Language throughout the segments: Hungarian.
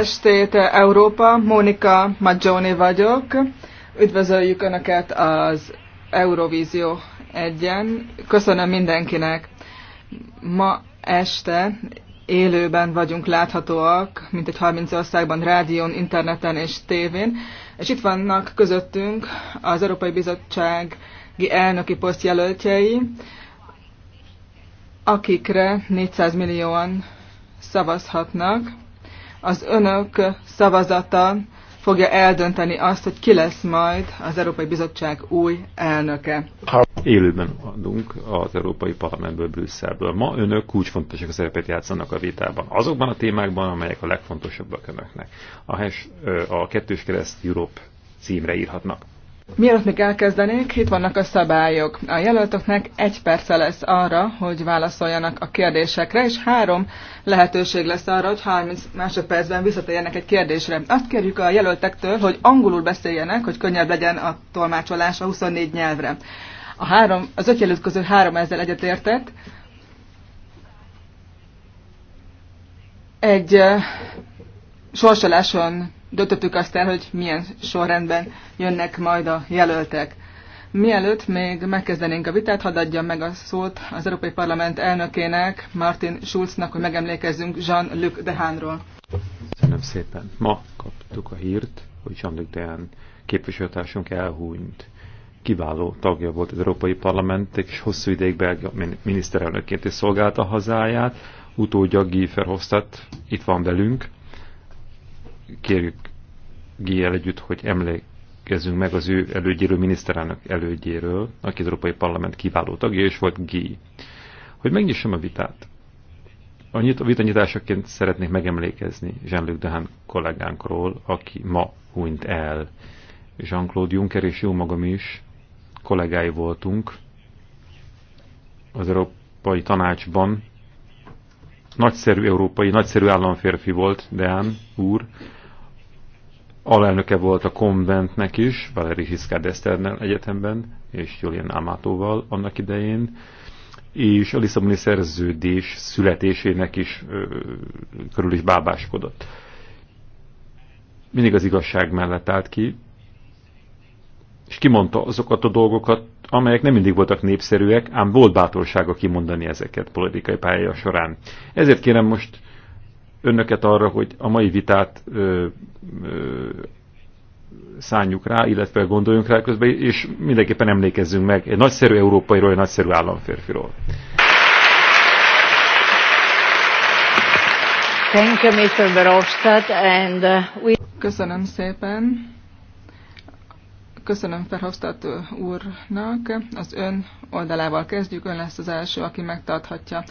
estét, Európa! Mónika Maggioni vagyok. Üdvözöljük Önöket az Eurovízió egyen. Köszönöm mindenkinek. Ma este élőben vagyunk láthatóak, mint egy 30 országban, rádión, interneten és tévén. És itt vannak közöttünk az Európai bizottság elnöki posztjelöltjei, akikre 400 millióan szavazhatnak az önök szavazata fogja eldönteni azt, hogy ki lesz majd az Európai Bizottság új elnöke. Élőben adunk az Európai Parlamentből, Brüsszelből. Ma önök kulcsfontosak szerepet játszanak a vitában. Azokban a témákban, amelyek a legfontosabbak önöknek. A, hash, a kettős kereszt Europe címre írhatnak. Mielőtt még elkezdenék, itt vannak a szabályok. A jelöltöknek egy perce lesz arra, hogy válaszoljanak a kérdésekre, és három lehetőség lesz arra, hogy 30 másodpercben visszatérjenek egy kérdésre. Azt kérjük a jelöltektől, hogy angolul beszéljenek, hogy könnyebb legyen a tolmácsolás a 24 nyelvre. A három, az öt jelölt közül három ezzel egyetértett. Egy uh, sorsoláson döntöttük azt el, hogy milyen sorrendben jönnek majd a jelöltek. Mielőtt még megkezdenénk a vitát, hadd adjam meg a szót az Európai Parlament elnökének, Martin Schulznak, hogy megemlékezzünk Jean-Luc Dehánról. Köszönöm szépen. Ma kaptuk a hírt, hogy Jean-Luc Dehán képviselőtársunk elhúnyt. Kiváló tagja volt az Európai Parlament, és hosszú ideig belgia miniszterelnökként is szolgálta hazáját. Utódja Giefer Verhofstadt itt van velünk, kérjük Gél együtt, hogy emlékezzünk meg az ő elődjéről, miniszterának elődjéről, aki az Európai Parlament kiváló tagja, és volt G. Hogy megnyissam a vitát. A, nyit, a vita nyitásaként szeretnék megemlékezni Jean-Luc Dehan kollégánkról, aki ma hunyt el. Jean-Claude Juncker és jó magam is kollégái voltunk az Európai Tanácsban. Nagyszerű európai, nagyszerű államférfi volt Deán úr, alelnöke volt a konventnek is, Valeri Hiszkád Eszternel egyetemben, és Julian Amatóval annak idején, és a Lisszaboni szerződés születésének is ö, körül is bábáskodott. Mindig az igazság mellett állt ki, és kimondta azokat a dolgokat, amelyek nem mindig voltak népszerűek, ám volt bátorsága kimondani ezeket politikai pályája során. Ezért kérem most önöket arra, hogy a mai vitát ö, ö, szánjuk rá, illetve gondoljunk rá közben, és mindenképpen emlékezzünk meg egy nagyszerű európairól, egy nagyszerű államférfiról. Uh, Köszönöm szépen. Köszönöm Ferhofstadt úrnak. Az ön oldalával kezdjük, ön lesz az első, aki megtarthatja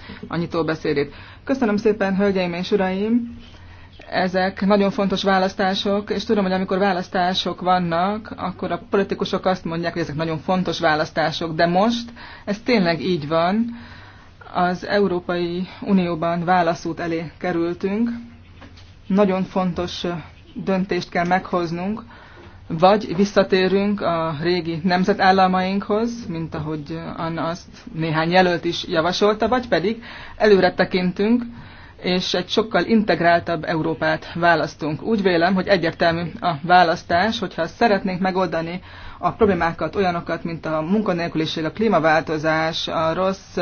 a beszédét. Köszönöm szépen, hölgyeim és uraim! Ezek nagyon fontos választások, és tudom, hogy amikor választások vannak, akkor a politikusok azt mondják, hogy ezek nagyon fontos választások, de most ez tényleg így van. Az Európai Unióban válaszút elé kerültünk. Nagyon fontos döntést kell meghoznunk, vagy visszatérünk a régi nemzetállamainkhoz, mint ahogy Anna azt néhány jelölt is javasolta, vagy pedig előre tekintünk, és egy sokkal integráltabb Európát választunk. Úgy vélem, hogy egyértelmű a választás, hogyha szeretnénk megoldani a problémákat, olyanokat, mint a munkanélküliség, a klímaváltozás, a rossz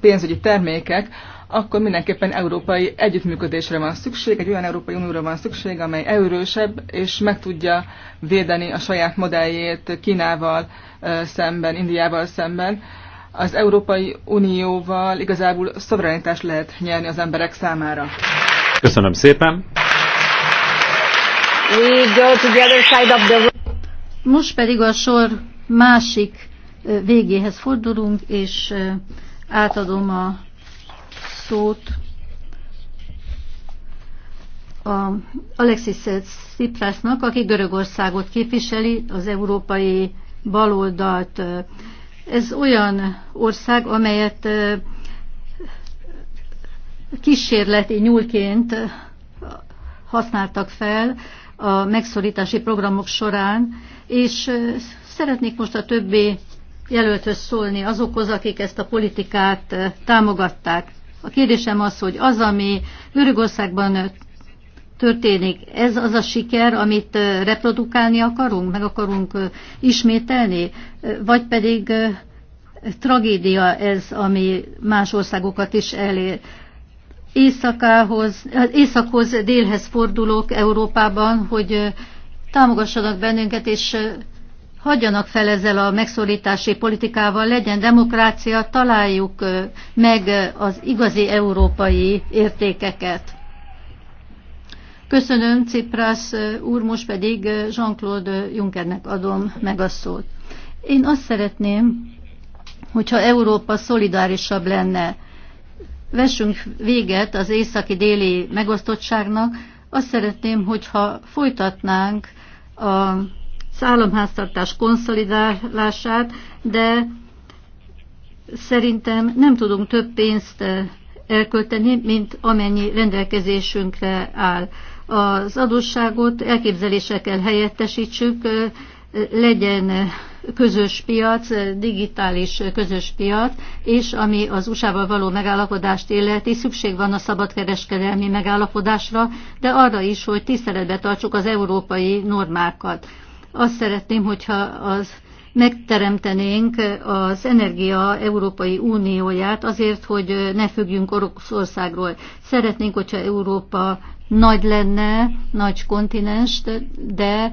pénzügyi termékek, akkor mindenképpen európai együttműködésre van szükség, egy olyan Európai Unióra van szükség, amely erősebb, és meg tudja védeni a saját modelljét Kínával szemben, Indiával szemben. Az Európai Unióval igazából szoverenitást lehet nyerni az emberek számára. Köszönöm szépen! We go to the other side of the Most pedig a sor másik végéhez fordulunk, és átadom a szót a Alexis Tsiprasnak, aki Görögországot képviseli, az európai baloldalt. Ez olyan ország, amelyet kísérleti nyúlként használtak fel a megszorítási programok során, és szeretnék most a többi jelölthöz szólni azokhoz, akik ezt a politikát támogatták. A kérdésem az, hogy az, ami Görögországban történik, ez az a siker, amit reprodukálni akarunk, meg akarunk ismételni, vagy pedig tragédia ez, ami más országokat is elér. Éjszakához, északhoz, délhez fordulok Európában, hogy támogassanak bennünket, és hagyjanak fel ezzel a megszorítási politikával, legyen demokrácia, találjuk meg az igazi európai értékeket. Köszönöm, Ciprász úr, most pedig Jean-Claude Junckernek adom meg a szót. Én azt szeretném, hogyha Európa szolidárisabb lenne. Vessünk véget az északi-déli megosztottságnak. Azt szeretném, hogyha folytatnánk a az államháztartás konszolidálását, de szerintem nem tudunk több pénzt eh, elkölteni, mint amennyi rendelkezésünkre áll. Az adósságot elképzelésekkel helyettesítsük, eh, legyen közös piac, digitális közös piac, és ami az USA-val való megállapodást illeti, szükség van a szabadkereskedelmi megállapodásra, de arra is, hogy tiszteletbe tartsuk az európai normákat. Azt szeretném, hogyha az megteremtenénk az Energia Európai Unióját azért, hogy ne függjünk Oroszországról. Szeretnénk, hogyha Európa nagy lenne, nagy kontinens, de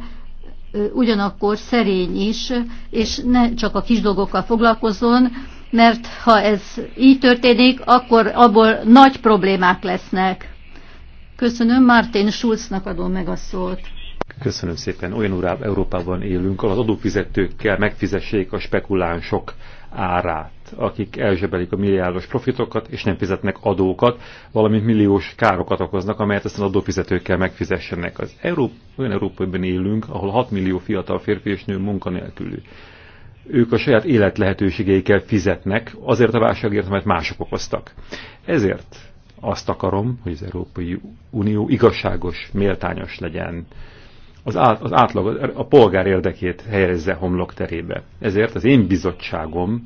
ugyanakkor szerény is, és ne csak a kis dolgokkal foglalkozzon, mert ha ez így történik, akkor abból nagy problémák lesznek. Köszönöm, Martin Schulznak adom meg a szót. Köszönöm szépen. Olyan urább Európában élünk, ahol az adófizetőkkel megfizessék a spekulánsok árát, akik elzsebelik a milliárdos profitokat, és nem fizetnek adókat, valamint milliós károkat okoznak, amelyet aztán adófizetőkkel megfizessenek. Az Európ- olyan Európában élünk, ahol 6 millió fiatal férfi és nő munkanélkülű. Ők a saját lehetőségeikkel fizetnek azért a válságért, amelyet mások okoztak. Ezért azt akarom, hogy az Európai Unió igazságos, méltányos legyen az, át, az átlag, er, a polgár érdekét helyezze homlok terébe. Ezért az én bizottságom,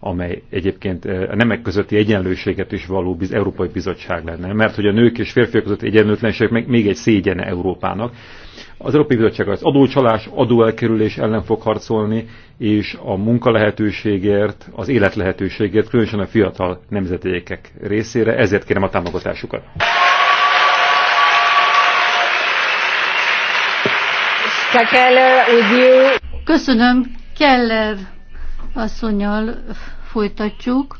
amely egyébként eh, a nemek közötti egyenlőséget is való biz, Európai Bizottság lenne, mert hogy a nők és férfiak közötti egyenlőtlenség meg még egy szégyene Európának. Az Európai Bizottság az adócsalás, adóelkerülés ellen fog harcolni, és a munkalehetőségért, az életlehetőségért, különösen a fiatal nemzetékek részére, ezért kérem a támogatásukat. Köszönöm, Keller asszonyal folytatjuk.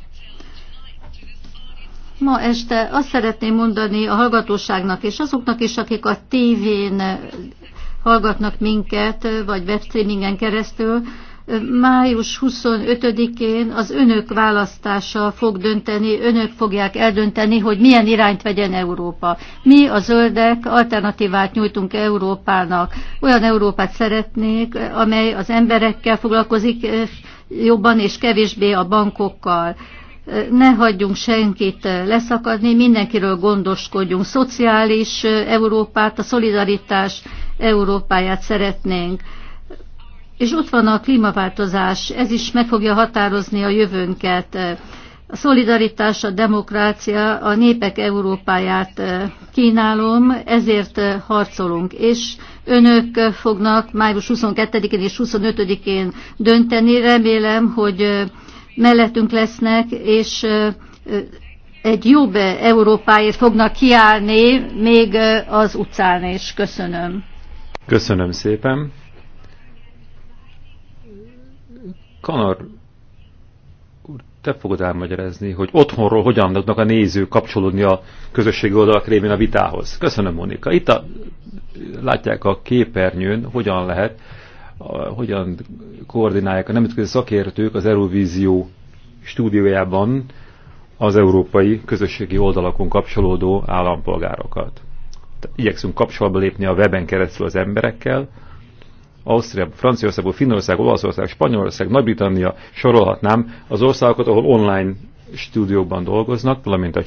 Ma este azt szeretném mondani a hallgatóságnak és azoknak is, akik a tévén hallgatnak minket, vagy webstreamingen keresztül, május 25-én az önök választása fog dönteni, önök fogják eldönteni, hogy milyen irányt vegyen Európa. Mi a zöldek alternatívát nyújtunk Európának. Olyan Európát szeretnék, amely az emberekkel foglalkozik jobban és kevésbé a bankokkal ne hagyjunk senkit leszakadni, mindenkiről gondoskodjunk. Szociális Európát, a szolidaritás Európáját szeretnénk. És ott van a klímaváltozás, ez is meg fogja határozni a jövőnket. A szolidaritás, a demokrácia, a népek Európáját kínálom, ezért harcolunk. És önök fognak május 22-én és 25-én dönteni. Remélem, hogy mellettünk lesznek, és egy jobb Európáért fognak kiállni, még az utcán is. Köszönöm. Köszönöm szépen. Kanar úr, te fogod elmagyarázni, hogy otthonról hogyan tudnak a nézők kapcsolódni a közösségi oldalak révén a vitához. Köszönöm, Monika. Itt a, látják a képernyőn, hogyan lehet, a, hogyan koordinálják a nemzetközi szakértők az Eurovízió stúdiójában az európai közösségi oldalakon kapcsolódó állampolgárokat. igyekszünk kapcsolatba lépni a weben keresztül az emberekkel, Ausztria, Franciaországból, Finnország, Olaszország, Spanyolország, Nagy-Britannia, sorolhatnám az országokat, ahol online stúdióban dolgoznak, valamint a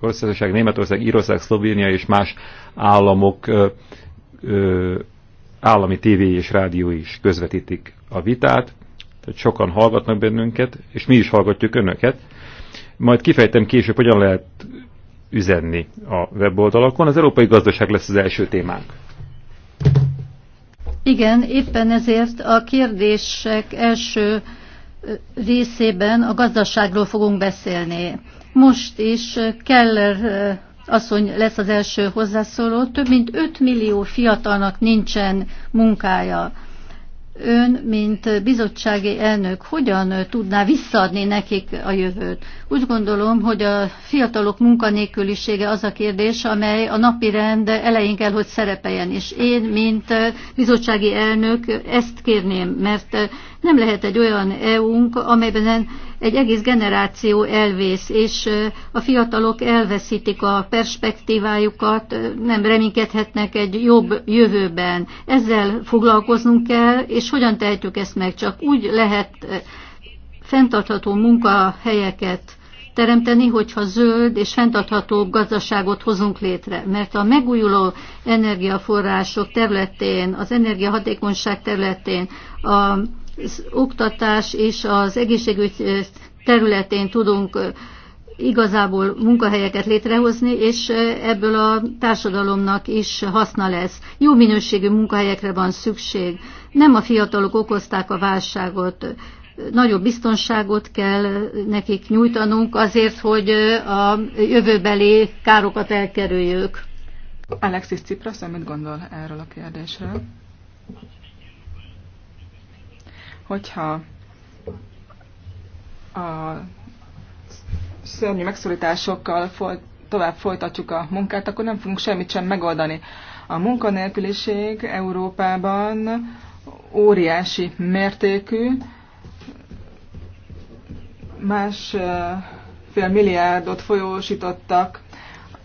Csehország, Németország, Írország, Szlovénia és más államok ö, ö, állami tévé és rádió is közvetítik a vitát, tehát sokan hallgatnak bennünket, és mi is hallgatjuk önöket. Majd kifejtem később, hogyan lehet üzenni a weboldalakon. Az európai gazdaság lesz az első témánk. Igen, éppen ezért a kérdések első részében a gazdaságról fogunk beszélni. Most is Keller asszony lesz az első hozzászóló, több mint 5 millió fiatalnak nincsen munkája ön, mint bizottsági elnök, hogyan tudná visszaadni nekik a jövőt? Úgy gondolom, hogy a fiatalok munkanélkülisége az a kérdés, amely a napi rend elején kell, hogy szerepeljen. És én, mint bizottsági elnök, ezt kérném, mert nem lehet egy olyan EU-nk, amelyben egy egész generáció elvész, és a fiatalok elveszítik a perspektívájukat, nem reménykedhetnek egy jobb jövőben. Ezzel foglalkoznunk kell, és hogyan tehetjük ezt meg? Csak úgy lehet fenntartható munkahelyeket teremteni, hogyha zöld és fenntartható gazdaságot hozunk létre. Mert a megújuló energiaforrások területén, az energiahatékonyság területén, a oktatás és az egészségügy területén tudunk igazából munkahelyeket létrehozni, és ebből a társadalomnak is haszna lesz. Jó minőségű munkahelyekre van szükség. Nem a fiatalok okozták a válságot, nagyobb biztonságot kell nekik nyújtanunk azért, hogy a jövőbeli károkat elkerüljük. Alexis Cipras, mit gondol erről a kérdésről? hogyha a szörnyű megszólításokkal foly, tovább folytatjuk a munkát, akkor nem fogunk semmit sem megoldani. A munkanélküliség Európában óriási mértékű, másfél milliárdot folyósítottak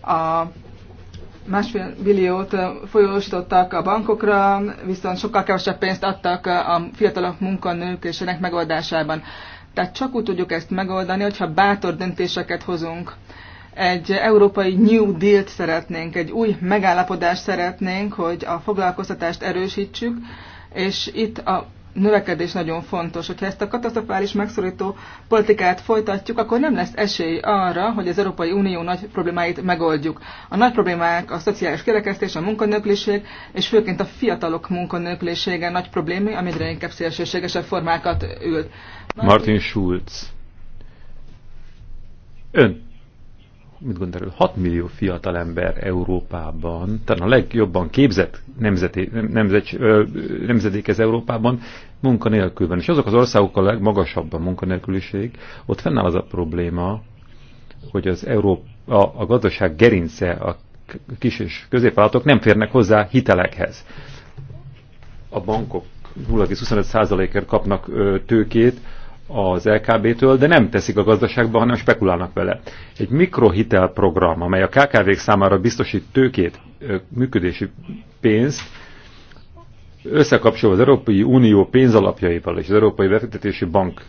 a másfél milliót folyósítottak a bankokra, viszont sokkal kevesebb pénzt adtak a fiatalok munkanők és ennek megoldásában. Tehát csak úgy tudjuk ezt megoldani, hogyha bátor döntéseket hozunk. Egy európai New Deal-t szeretnénk, egy új megállapodást szeretnénk, hogy a foglalkoztatást erősítsük, és itt a növekedés nagyon fontos. Hogyha ezt a katasztrofális megszorító politikát folytatjuk, akkor nem lesz esély arra, hogy az Európai Unió nagy problémáit megoldjuk. A nagy problémák a szociális kirekesztés, a munkanőkliség, és főként a fiatalok munkanőklisége nagy probléma, ami egyre inkább szélsőségesebb formákat ült. Martin, Martin Schulz. Ön mit gondolod, 6 millió fiatal ember Európában, tehát a legjobban képzett nemzeti, nemzet, nemzedék ez Európában, munkanélkül van. És azok az országok a legmagasabb a munkanélküliség, ott fennáll az a probléma, hogy az Európa, a, a gazdaság gerince, a kis és középvállalatok nem férnek hozzá hitelekhez. A bankok 0,25%-ért kapnak tőkét, az LKB-től, de nem teszik a gazdaságba, hanem spekulálnak vele. Egy mikrohitelprogram, amely a KKV-k számára biztosít tőkét, működési pénzt, összekapcsolva az Európai Unió pénzalapjaival és az Európai Befektetési Bank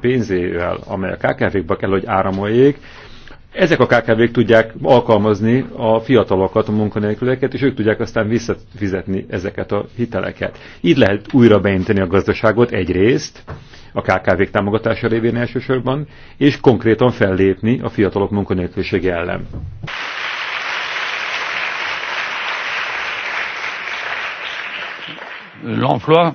pénzével, amely a KKV-kba kell, hogy áramoljék, ezek a KKV-k tudják alkalmazni a fiatalokat, a munkanélküleket, és ők tudják aztán visszafizetni ezeket a hiteleket. Így lehet újra beinteni a gazdaságot egyrészt, a KKV-k támogatása révén elsősorban, és konkrétan fellépni a fiatalok munkanélkülsége ellen. L'emploi.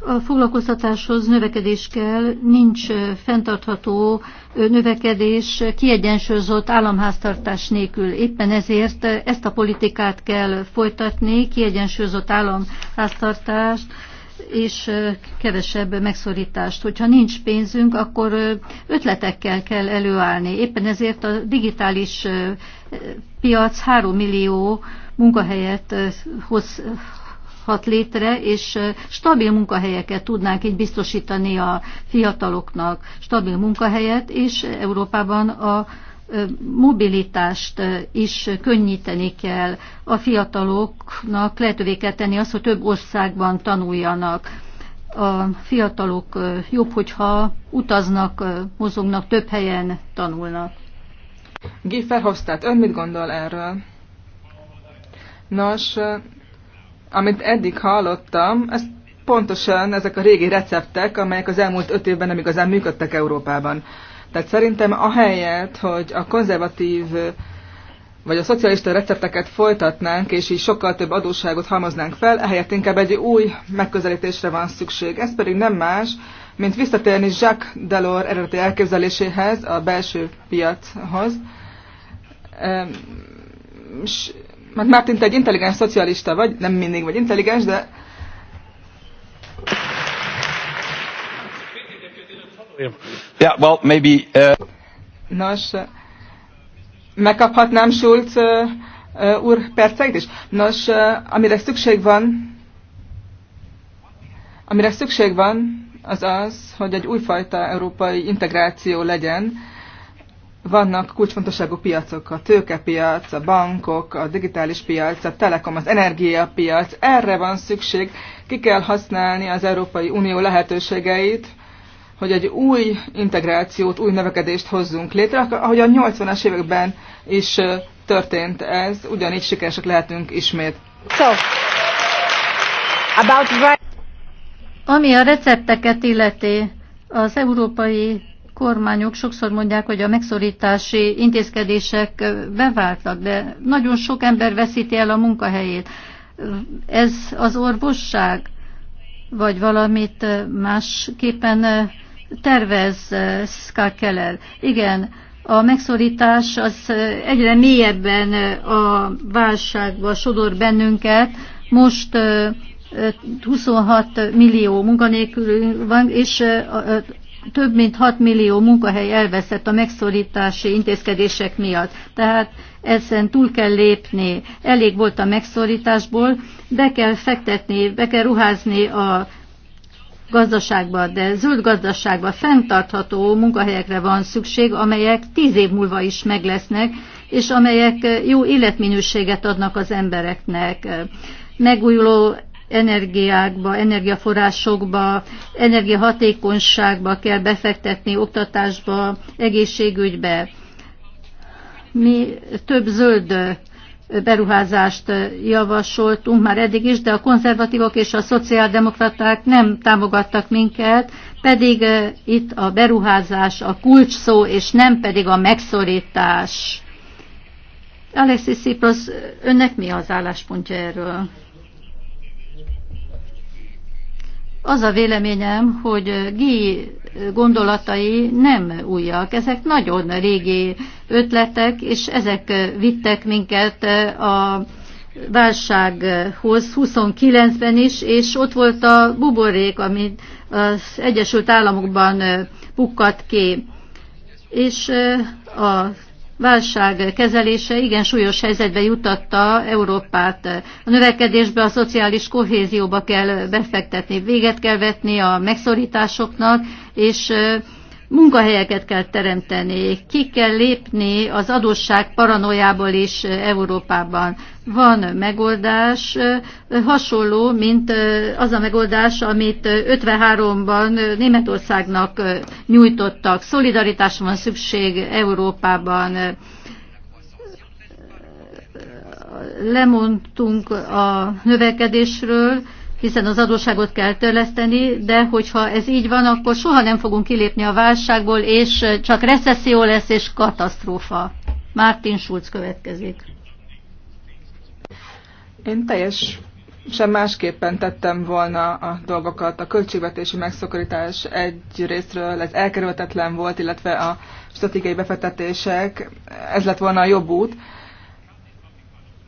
A foglalkoztatáshoz növekedés kell, nincs fenntartható növekedés kiegyensúlyozott államháztartás nélkül. Éppen ezért ezt a politikát kell folytatni, kiegyensúlyozott államháztartást, és kevesebb megszorítást. Hogyha nincs pénzünk, akkor ötletekkel kell előállni. Éppen ezért a digitális piac 3 millió munkahelyet hoz, hozhat létre, és stabil munkahelyeket tudnánk így biztosítani a fiataloknak, stabil munkahelyet, és Európában a mobilitást is könnyíteni kell. A fiataloknak lehetővé kell tenni azt, hogy több országban tanuljanak. A fiatalok jobb, hogyha utaznak, mozognak, több helyen tanulnak. Giffer Hostát, ön mit gondol erről? Nos, amit eddig hallottam, ez pontosan ezek a régi receptek, amelyek az elmúlt öt évben nem igazán működtek Európában. Tehát szerintem ahelyett, hogy a konzervatív vagy a szocialista recepteket folytatnánk, és így sokkal több adósságot halmoznánk fel, ehelyett inkább egy új megközelítésre van szükség. Ez pedig nem más, mint visszatérni Jacques Delors eredeti elképzeléséhez, a belső piachoz. És, mert már te egy intelligens szocialista vagy, nem mindig vagy intelligens, de Yeah, well, maybe, uh... Nos, megkaphatnám Schulz uh, uh, úr perceit is? Nos, uh, amire szükség van, amire szükség van, az az, hogy egy újfajta európai integráció legyen. Vannak kulcsfontosságú piacok, a tőkepiac, a bankok, a digitális piac, a telekom, az energiapiac. Erre van szükség, ki kell használni az Európai Unió lehetőségeit, hogy egy új integrációt, új növekedést hozzunk létre, ahogy a 80-as években is történt ez, ugyanígy sikeresek lehetünk ismét. So, about... Ami a recepteket illeti, az európai kormányok sokszor mondják, hogy a megszorítási intézkedések beváltak, de nagyon sok ember veszíti el a munkahelyét. Ez az orvosság, vagy valamit másképpen tervez eh, Ska Keller? Igen, a megszorítás az eh, egyre mélyebben eh, a válságba sodor bennünket. Most 26 millió munkanélkül van, és több mint 6 millió munkahely elveszett a megszorítási intézkedések miatt. Tehát ezen túl kell lépni. Elég volt a megszorításból, be kell fektetni, be kell ruházni a gazdaságba, de zöld gazdaságba fenntartható munkahelyekre van szükség, amelyek tíz év múlva is meglesznek, és amelyek jó életminőséget adnak az embereknek. Megújuló energiákba, energiaforrásokba, energiahatékonyságba kell befektetni, oktatásba, egészségügybe. Mi több zöld beruházást javasoltunk már eddig is, de a konzervatívok és a szociáldemokraták nem támogattak minket, pedig itt a beruházás a kulcs szó, és nem pedig a megszorítás. Alexis Tsipras, önnek mi az álláspontja erről? Az a véleményem, hogy Gi gondolatai nem újak. Ezek nagyon régi ötletek, és ezek vittek minket a válsághoz 29-ben is, és ott volt a buborék, amit az Egyesült Államokban pukkadt ki. És eh, a válság kezelése igen súlyos helyzetbe jutatta Európát. A növekedésbe, a szociális kohézióba kell befektetni, véget kell vetni a megszorításoknak, és Munkahelyeket kell teremteni, ki kell lépni az adósság paranoiából is eh, Európában. Van megoldás, eh, hasonló, mint eh, az a megoldás, amit 53-ban Németországnak nyújtottak. Szolidaritás van szükség Európában lemondtunk a növekedésről, hiszen az adósságot kell törleszteni, de hogyha ez így van, akkor soha nem fogunk kilépni a válságból, és csak recesszió lesz és katasztrófa. Martin Schulz következik. Én teljes sem másképpen tettem volna a dolgokat. A költségvetési megszokorítás egy részről ez elkerülhetetlen volt, illetve a stratégiai befektetések, ez lett volna a jobb út.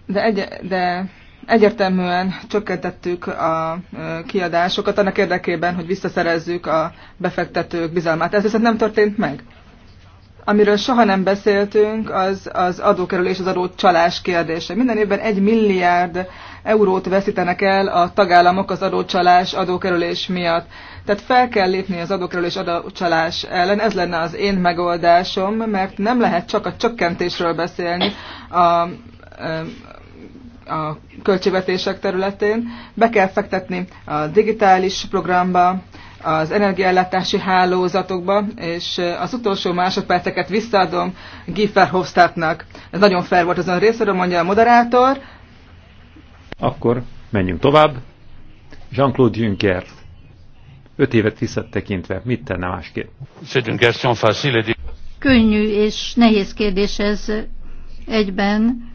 De, egy, de egyértelműen csökkentettük a kiadásokat annak érdekében, hogy visszaszerezzük a befektetők bizalmát. Ez viszont nem történt meg. Amiről soha nem beszéltünk, az az adókerülés, az adócsalás kérdése. Minden évben egy milliárd eurót veszítenek el a tagállamok az adócsalás, adókerülés miatt. Tehát fel kell lépni az adókerülés, adócsalás ellen. Ez lenne az én megoldásom, mert nem lehet csak a csökkentésről beszélni a a költségvetések területén. Be kell fektetni a digitális programba, az energiaellátási hálózatokba, és eh, az utolsó másodperceket visszaadom Giffer Hofstadtnak. Ez nagyon fel volt azon részéről, mondja a moderátor. Akkor menjünk tovább. Jean-Claude Juncker. Öt évet visszatekintve, mit tenne másképp? Könnyű és nehéz kérdés ez egyben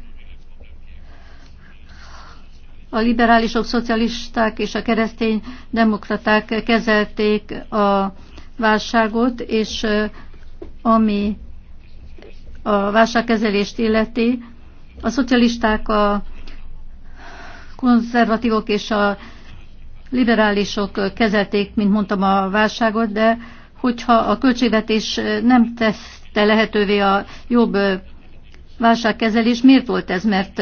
a liberálisok, szocialisták és a keresztény demokraták kezelték a válságot, és ami a válságkezelést illeti, a szocialisták, a konzervatívok és a liberálisok kezelték, mint mondtam, a válságot, de hogyha a költségvetés nem teszte lehetővé a jobb válságkezelés, miért volt ez? Mert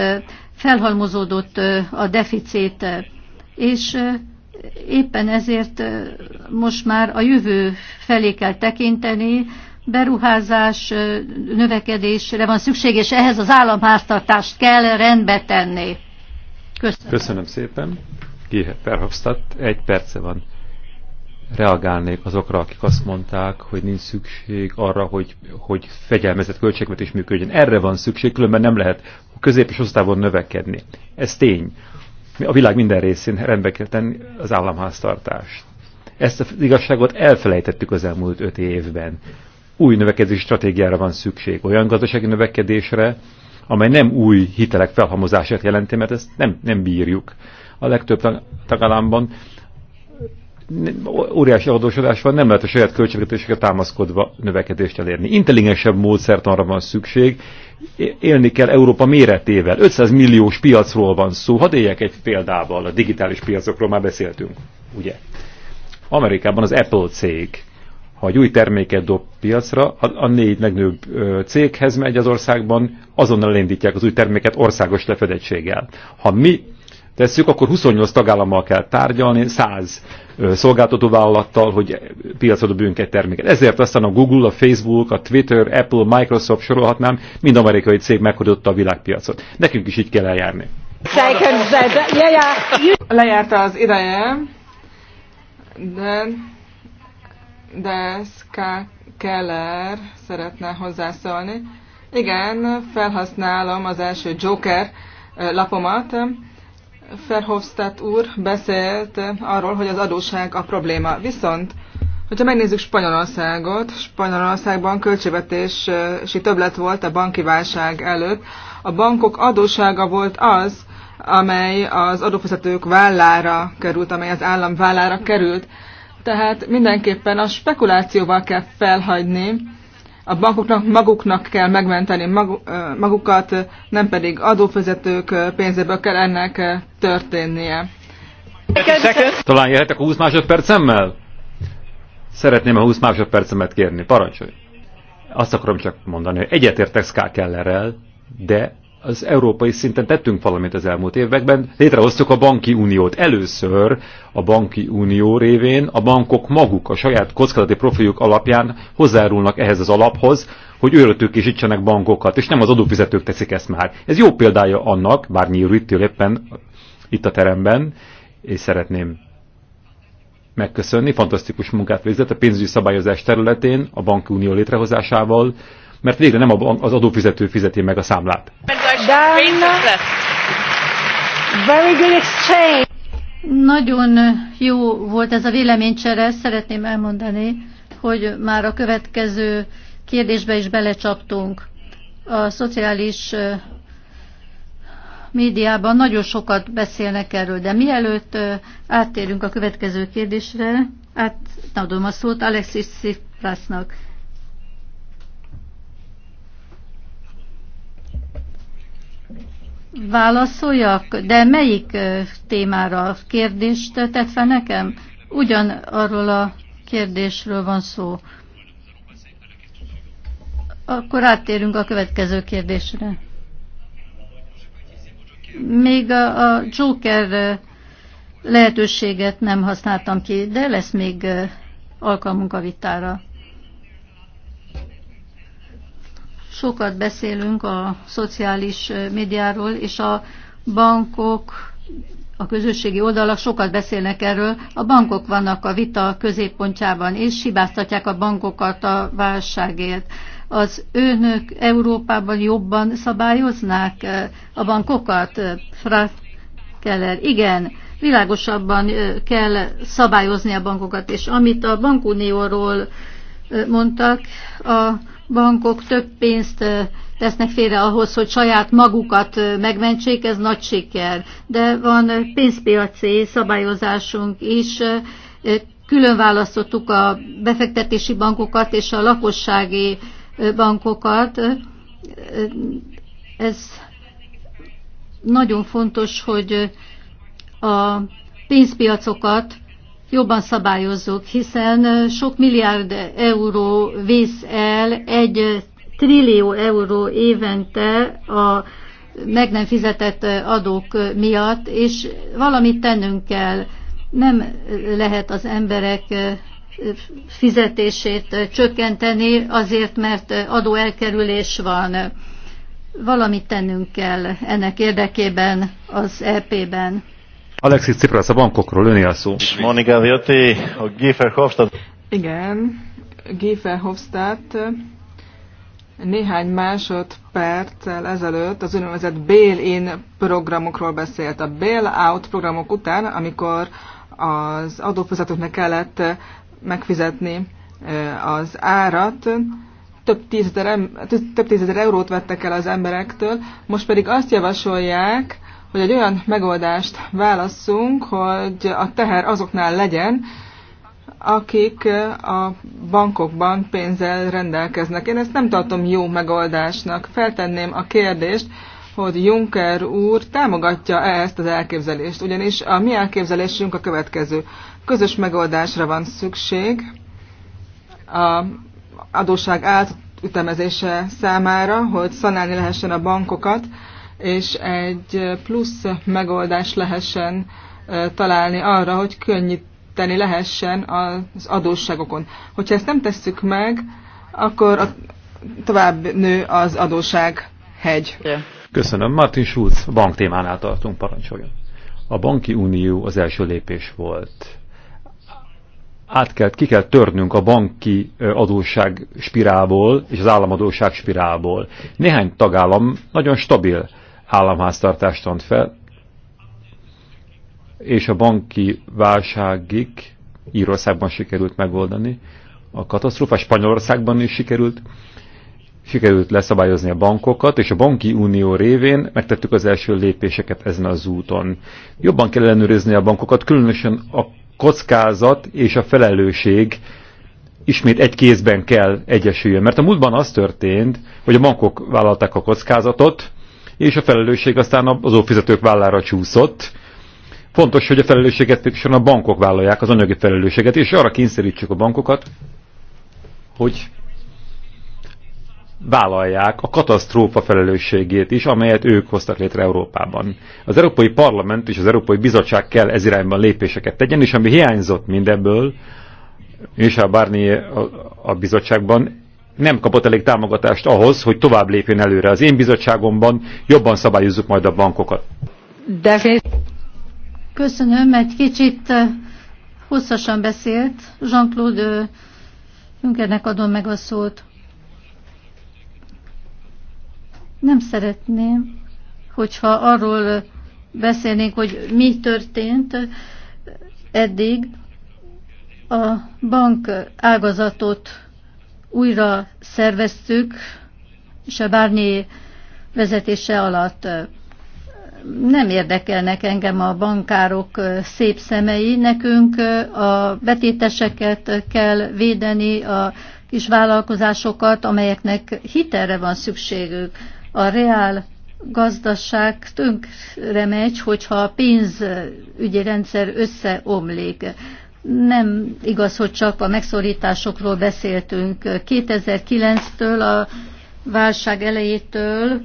felhalmozódott a deficit, és éppen ezért most már a jövő felé kell tekinteni, beruházás, növekedésre van szükség, és ehhez az államháztartást kell rendbe tenni. Köszönöm. Köszönöm szépen. Gihe Verhofstadt, egy perce van reagálnék azokra, akik azt mondták, hogy nincs szükség arra, hogy, hogy fegyelmezett költségvetés működjön. Erre van szükség, különben nem lehet a közép és osztávon növekedni. Ez tény. A világ minden részén rendbe kell tenni az államháztartást. Ezt az igazságot elfelejtettük az elmúlt öt évben. Új növekedési stratégiára van szükség, olyan gazdasági növekedésre, amely nem új hitelek felhamozását jelenti, mert ezt nem, nem bírjuk. A legtöbb tagállamban óriási adósodás van, nem lehet a saját költségvetésekre támaszkodva növekedést elérni. Intelligensebb módszert arra van szükség, élni kell Európa méretével. 500 milliós piacról van szó. Hadd éljek egy példával, a digitális piacokról már beszéltünk, ugye? Amerikában az Apple cég, ha egy új terméket dob piacra, a négy legnőbb céghez megy az országban, azonnal elindítják az új terméket országos lefedettséggel. Ha mi tesszük, akkor 28 tagállammal kell tárgyalni, 100 szolgáltatóvállalattal, hogy piacra dobjunk egy terméket. Ezért aztán a Google, a Facebook, a Twitter, Apple, Microsoft sorolhatnám, mind amerikai cég meghódította a világpiacot. Nekünk is így kell eljárni. Lejárta az ideje, de, de K. Keller szeretne hozzászólni. Igen, felhasználom az első Joker lapomat Verhofstadt úr beszélt arról, hogy az adóság a probléma. Viszont, hogyha megnézzük Spanyolországot, Spanyolországban költségvetési többlet volt a banki válság előtt. A bankok adósága volt az, amely az adófizetők vállára került, amely az állam vállára került. Tehát mindenképpen a spekulációval kell felhagyni, a bankoknak maguknak kell megmenteni magukat, nem pedig adófizetők pénzéből kell ennek történnie. Talán jöhetek a 20 másodpercemmel? Szeretném a 20 másodpercemet kérni, parancsolj. Azt akarom csak mondani, hogy egyetértek Ská Kellerrel, de az európai szinten tettünk valamit az elmúlt években. Létrehoztuk a banki uniót. Először a banki unió révén a bankok maguk a saját kockázati profiljuk alapján hozzárulnak ehhez az alaphoz, hogy őrötők is ittsenek bankokat, és nem az adófizetők teszik ezt már. Ez jó példája annak, bár nyíru itt éppen itt a teremben, és szeretném megköszönni, fantasztikus munkát végzett a pénzügyi szabályozás területén, a banki unió létrehozásával, mert végre nem az adófizető fizeti meg a számlát. Very good exchange. Nagyon jó volt ez a véleménycsere, szeretném elmondani, hogy már a következő kérdésbe is belecsaptunk. A szociális médiában nagyon sokat beszélnek erről, de mielőtt áttérünk a következő kérdésre, átadom a szót Alexis Tsiprasnak. válaszoljak, de melyik témára kérdést tett fel nekem? Ugyanarról a kérdésről van szó. Akkor áttérünk a következő kérdésre. Még a, a Joker lehetőséget nem használtam ki, de lesz még alkalmunk a vitára. Sokat beszélünk a szociális médiáról, és a bankok, a közösségi oldalak sokat beszélnek erről. A bankok vannak a vita középpontjában, és hibáztatják a bankokat a válságért az önök Európában jobban szabályoznák eh, a bankokat? Eh, Keller, igen, világosabban eh, kell szabályozni a bankokat, és amit a bankunióról mondtak, a bankok több pénzt tesznek félre ahhoz, hogy saját magukat megmentsék, ez nagy siker. De van pénzpiaci szabályozásunk is, külön választottuk a befektetési bankokat és a lakossági bankokat. Ez nagyon fontos, hogy a pénzpiacokat jobban szabályozzuk, hiszen sok milliárd euró vész el, egy trillió euró évente a meg nem fizetett adók miatt, és valamit tennünk kell. Nem lehet az emberek fizetését csökkenteni azért, mert adóelkerülés van. Valamit tennünk kell ennek érdekében az EP-ben. Alexis Tsipras a bankokról, öné a szó. Monika Vioti, a Giefer Hofstadt. Igen, Giefer Hofstadt néhány másodperccel ezelőtt az úgynevezett bail-in programokról beszélt. A bail-out programok után, amikor az adófizetőknek kellett eh, megfizetni eh, az árat, több tízezer, több tízezer eurót vettek el az emberektől, most pedig azt javasolják, hogy egy olyan megoldást válasszunk, hogy a teher azoknál legyen, akik a bankokban pénzzel rendelkeznek. Én ezt nem tartom jó megoldásnak. Feltenném a kérdést, hogy Juncker úr támogatja -e ezt az elképzelést, ugyanis a mi elképzelésünk a következő. Közös megoldásra van szükség a adósság átütemezése számára, hogy szanálni lehessen a bankokat, és egy plusz megoldás lehessen találni arra, hogy könnyíteni lehessen az adósságokon. Hogyha ezt nem tesszük meg, akkor a, tovább nő az adóság hegy. Köszönöm. Martin Schulz, banktémánál tartunk, parancsoljon. A banki unió az első lépés volt. Át kell, ki kell törnünk a banki adósság spirálból és az államadóság spirálból. Néhány tagállam nagyon stabil államháztartást tant fel, és a banki válságig Írországban sikerült megoldani, a katasztrófa Spanyolországban is sikerült, sikerült leszabályozni a bankokat, és a banki unió révén megtettük az első lépéseket ezen az úton. Jobban kell ellenőrizni a bankokat, különösen a kockázat és a felelősség ismét egy kézben kell egyesüljön. Mert a múltban az történt, hogy a bankok vállalták a kockázatot, és a felelősség aztán az ófizetők vállára csúszott. Fontos, hogy a felelősséget a bankok vállalják, az anyagi felelősséget, és arra kényszerítsük a bankokat, hogy vállalják a katasztrófa felelősségét is, amelyet ők hoztak létre Európában. Az Európai Parlament és az Európai Bizottság kell ez irányban lépéseket tegyen, és ami hiányzott mindebből, és a Barnier a bizottságban nem kapott elég támogatást ahhoz, hogy tovább lépjen előre. Az én bizottságomban jobban szabályozzuk majd a bankokat. De... Köszönöm, egy kicsit eh, hosszasan beszélt. Jean-Claude eh, Junckernek adom meg a szót. Nem szeretném, hogyha arról eh, beszélnénk, hogy mi történt eddig a bank ágazatot újra szerveztük, és a Bárnyi vezetése alatt nem érdekelnek engem a bankárok szép szemei, nekünk a betéteseket kell védeni, a kis vállalkozásokat, amelyeknek hitelre van szükségük. A reál gazdaság tönkre megy, hogyha a pénzügyi rendszer összeomlik nem igaz, hogy csak a megszorításokról beszéltünk. 2009-től a válság elejétől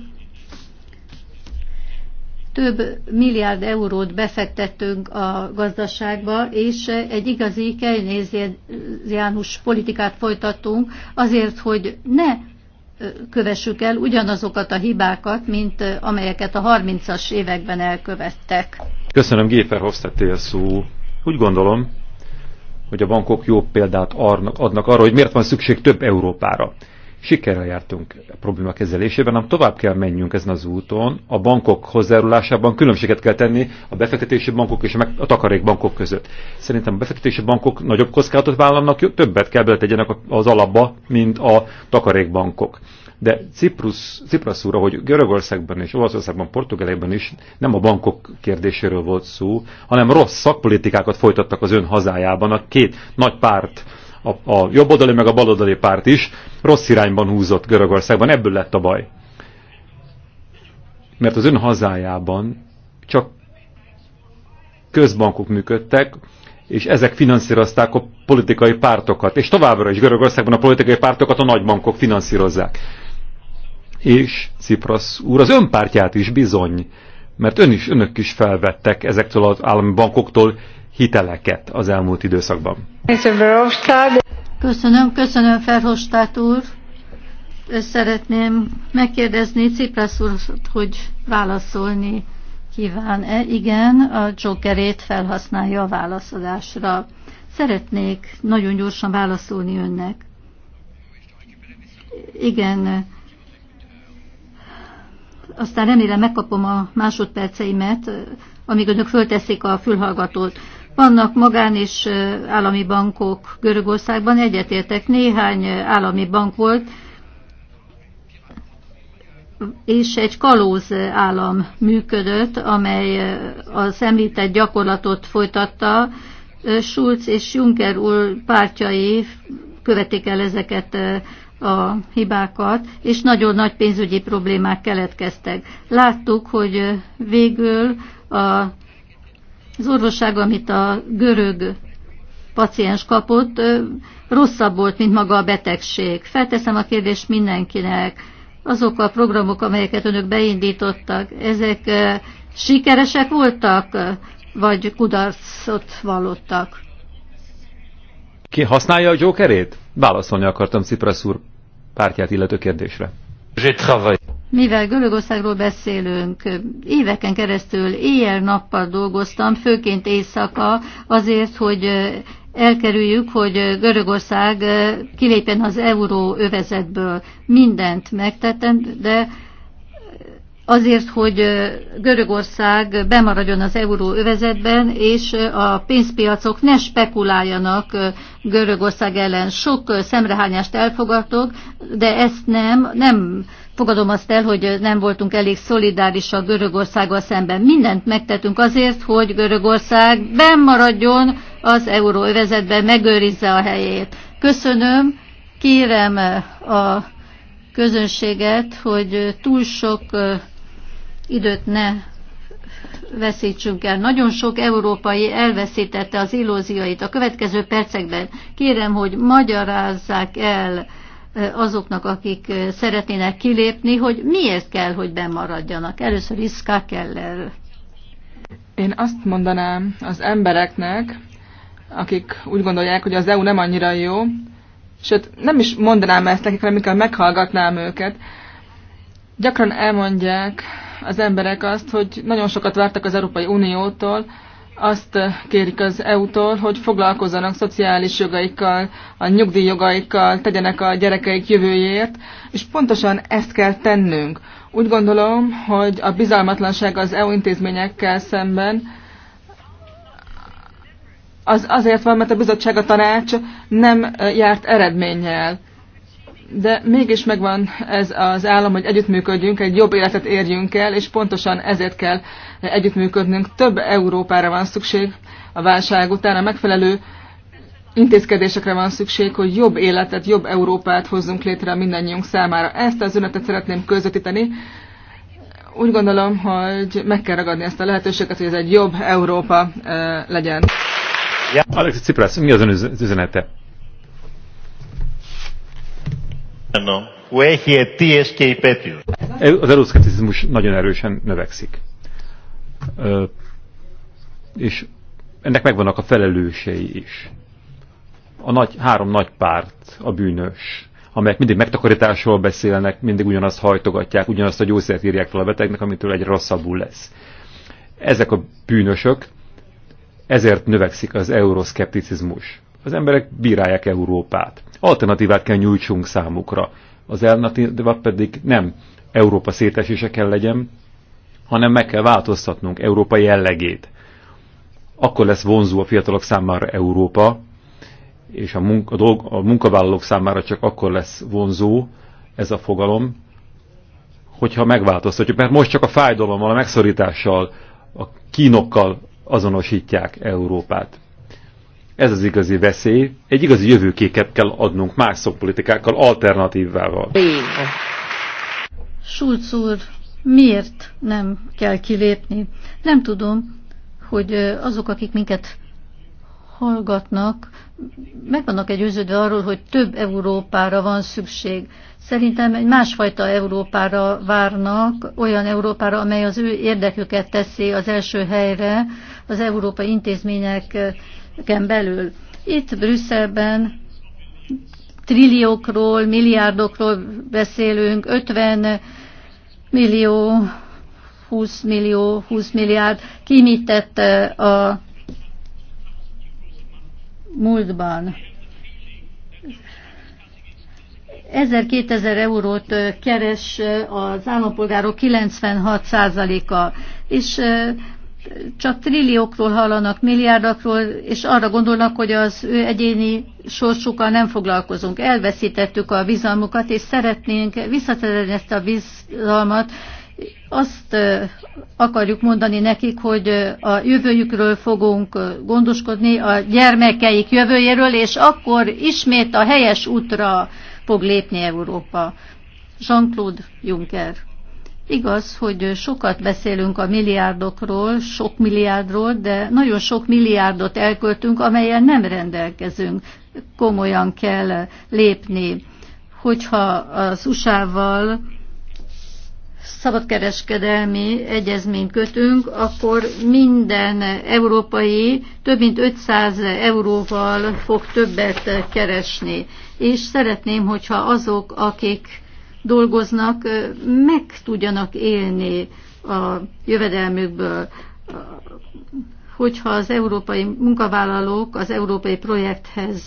több milliárd eurót befektettünk a gazdaságba, és egy igazi keynéziánus politikát folytatunk azért, hogy ne kövessük el ugyanazokat a hibákat, mint amelyeket a 30-as években elkövettek. Köszönöm, Géper, Hofstadtél szó. Úgy gondolom, hogy a bankok jó példát adnak arra, hogy miért van szükség több Európára. Sikerrel jártunk a probléma kezelésében, hanem tovább kell menjünk ezen az úton. A bankok hozzájárulásában különbséget kell tenni a befektetési bankok és a takarékbankok között. Szerintem a befektetési bankok nagyobb kockázatot vállalnak, többet kell beletegyenek az alapba, mint a takarékbankok de Ciprus, Ciprus úr, ahogy Görögországban és Olaszországban, Portugáliában is nem a bankok kérdéséről volt szó, hanem rossz szakpolitikákat folytattak az ön hazájában. A két nagy párt, a, a jobboldali meg a baloldali párt is rossz irányban húzott Görögországban, ebből lett a baj. Mert az ön hazájában csak közbankok működtek, és ezek finanszírozták a politikai pártokat, és továbbra is Görögországban a politikai pártokat a nagybankok finanszírozzák és Ciprasz úr az önpártját is bizony, mert ön is, önök is felvettek ezektől az állami bankoktól hiteleket az elmúlt időszakban. Köszönöm, köszönöm Ferhostát úr. Szeretném megkérdezni Ciprasz úr, hogy válaszolni kíván-e. Igen, a jokerét felhasználja a válaszadásra. Szeretnék nagyon gyorsan válaszolni önnek. Igen, aztán remélem megkapom a másodperceimet, amíg önök fölteszik a fülhallgatót. Vannak magán és állami bankok Görögországban, egyetértek, néhány állami bank volt, és egy kalóz állam működött, amely az említett gyakorlatot folytatta. Schulz és Juncker úr pártjai követik el ezeket a hibákat, és nagyon nagy pénzügyi problémák keletkeztek. Láttuk, hogy végül a, az orvosság, amit a görög paciens kapott, rosszabb volt, mint maga a betegség. Felteszem a kérdést mindenkinek. Azok a programok, amelyeket önök beindítottak, ezek sikeresek voltak, vagy kudarcot vallottak? Ki használja a gyókerét? Válaszolni akartam Cipras úr pártját illető kérdésre. Mivel Görögországról beszélünk, éveken keresztül éjjel-nappal dolgoztam, főként éjszaka, azért, hogy elkerüljük, hogy Görögország kilépjen az euróövezetből. Mindent megtettem, de azért, hogy Görögország bemaradjon az euróövezetben, és a pénzpiacok ne spekuláljanak Görögország ellen. Sok szemrehányást elfogadtok, de ezt nem, nem fogadom azt el, hogy nem voltunk elég szolidárisak Görögországgal szemben. Mindent megtettünk azért, hogy Görögország bemaradjon az euróövezetben, megőrizze a helyét. Köszönöm, kérem a közönséget, hogy túl sok időt ne veszítsünk el. Nagyon sok európai elveszítette az illúzióit. A következő percekben kérem, hogy magyarázzák el azoknak, akik szeretnének kilépni, hogy miért kell, hogy bemaradjanak. Először is Ska Keller. Én azt mondanám az embereknek, akik úgy gondolják, hogy az EU nem annyira jó, sőt nem is mondanám ezt nekik, hanem amikor meghallgatnám őket, Gyakran elmondják az emberek azt, hogy nagyon sokat vártak az Európai Uniótól, azt kérik az EU-tól, hogy foglalkozzanak szociális jogaikkal, a nyugdíjjogaikkal, tegyenek a gyerekeik jövőjét, és pontosan ezt kell tennünk. Úgy gondolom, hogy a bizalmatlanság az EU intézményekkel szemben az azért van, mert a bizottság a tanács nem járt eredménnyel de mégis megvan ez az állam, hogy együttműködjünk, egy jobb életet érjünk el, és pontosan ezért kell együttműködnünk. Több Európára van szükség a válság után, a megfelelő intézkedésekre van szükség, hogy jobb életet, jobb Európát hozzunk létre mindannyiunk számára. Ezt az ünnepet szeretném közvetíteni. Úgy gondolom, hogy meg kell ragadni ezt a lehetőséget, hogy ez egy jobb Európa e, legyen. Alex Cipras, mi az ön üzenete? Az euroszkepticizmus nagyon erősen növekszik. és ennek megvannak a felelősei is. A nagy, három nagy párt a bűnös, amelyek mindig megtakarításról beszélnek, mindig ugyanazt hajtogatják, ugyanazt a gyógyszert írják fel a betegnek, amitől egy rosszabbul lesz. Ezek a bűnösök, ezért növekszik az euroszkepticizmus. Az emberek bírálják Európát alternatívát kell nyújtsunk számukra. Az alternatíva pedig nem Európa szétesése kell legyen, hanem meg kell változtatnunk Európa jellegét. Akkor lesz vonzó a fiatalok számára Európa, és a, munka, a, dolg, a munkavállalók számára csak akkor lesz vonzó ez a fogalom, hogyha megváltoztatjuk. Mert most csak a fájdalommal, a megszorítással, a kínokkal azonosítják Európát. Ez az igazi veszély. Egy igazi jövőképet kell adnunk más szakpolitikákkal, alternatívával. Schulz úr, miért nem kell kilépni? Nem tudom, hogy azok, akik minket hallgatnak, meg vannak egy győződve arról, hogy több Európára van szükség. Szerintem egy másfajta Európára várnak, olyan Európára, amely az ő érdeküket teszi az első helyre, az európai intézmények belül. Itt Brüsszelben trilliókról, milliárdokról beszélünk, 50 millió, 20 millió, 20 milliárd. Ki mit tette a múltban? 1000-2000 eurót keres az állampolgárok 96%-a, és csak trilliókról hallanak, milliárdakról, és arra gondolnak, hogy az ő egyéni sorsukkal nem foglalkozunk. Elveszítettük a bizalmukat, és szeretnénk visszatérni ezt a bizalmat. Azt akarjuk mondani nekik, hogy a jövőjükről fogunk gondoskodni, a gyermekeik jövőjéről, és akkor ismét a helyes útra fog lépni Európa. Jean-Claude Juncker. Igaz, hogy sokat beszélünk a milliárdokról, sok milliárdról, de nagyon sok milliárdot elköltünk, amelyen nem rendelkezünk. Komolyan kell lépni. Hogyha az USA-val szabadkereskedelmi egyezményt kötünk, akkor minden európai több mint 500 euróval fog többet keresni. És szeretném, hogyha azok, akik dolgoznak, meg tudjanak élni a jövedelmükből. Hogyha az európai munkavállalók az európai projekthez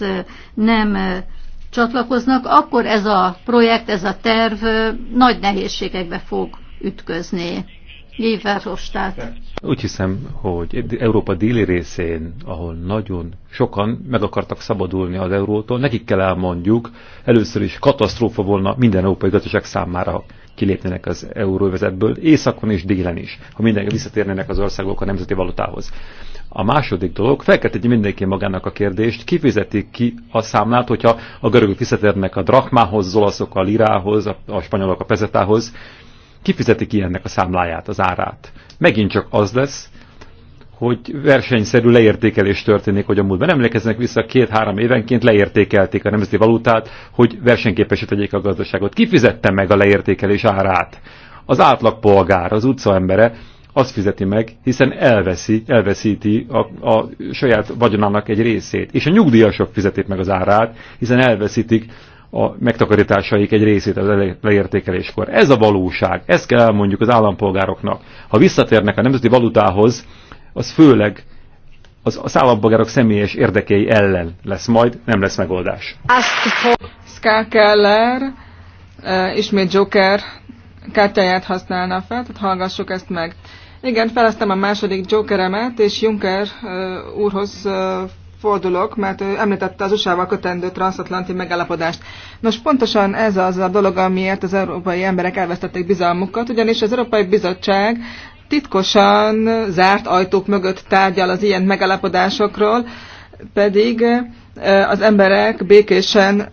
nem csatlakoznak, akkor ez a projekt, ez a terv nagy nehézségekbe fog ütközni. Néverhofstadt. Úgy hiszem, hogy Európa déli részén, ahol nagyon sokan meg akartak szabadulni az eurótól, nekik kell elmondjuk, először is katasztrófa volna minden európai gazdaság számára, ha kilépnének az euróvezetből, északon és délen is, ha mindenki visszatérnének az országok a nemzeti valutához. A második dolog, fel kell tenni mindenki magának a kérdést, kifizeti ki a számlát, hogyha a görögök visszatérnek a drachmához, az olaszok a lirához, a, a spanyolok a pezetához, kifizeti ki ennek a számláját, az árát. Megint csak az lesz, hogy versenyszerű leértékelés történik, hogy a múltban emlékeznek vissza, két-három évenként leértékelték a nemzeti valutát, hogy tegyék a gazdaságot. Ki fizette meg a leértékelés árát? Az átlagpolgár, az embere, azt fizeti meg, hiszen elveszi, elveszíti a, a saját vagyonának egy részét. És a nyugdíjasok fizetik meg az árát, hiszen elveszítik a megtakarításaik egy részét az leértékeléskor. Ez a valóság, ezt kell elmondjuk az állampolgároknak. Ha visszatérnek a nemzeti valutához, az főleg az, az állampolgárok személyes érdekei ellen lesz majd, nem lesz megoldás. Ska Keller eh, ismét Joker kártyáját használna fel, tehát hallgassuk ezt meg. Igen, feleztem a második Jokeremet, és Juncker eh, úrhoz eh, fordulok, mert ő említette az USA-val kötendő transatlanti megállapodást. Nos, pontosan ez az a dolog, amiért az európai emberek elvesztették bizalmukat, ugyanis az Európai Bizottság titkosan zárt ajtók mögött tárgyal az ilyen megállapodásokról, pedig az emberek békésen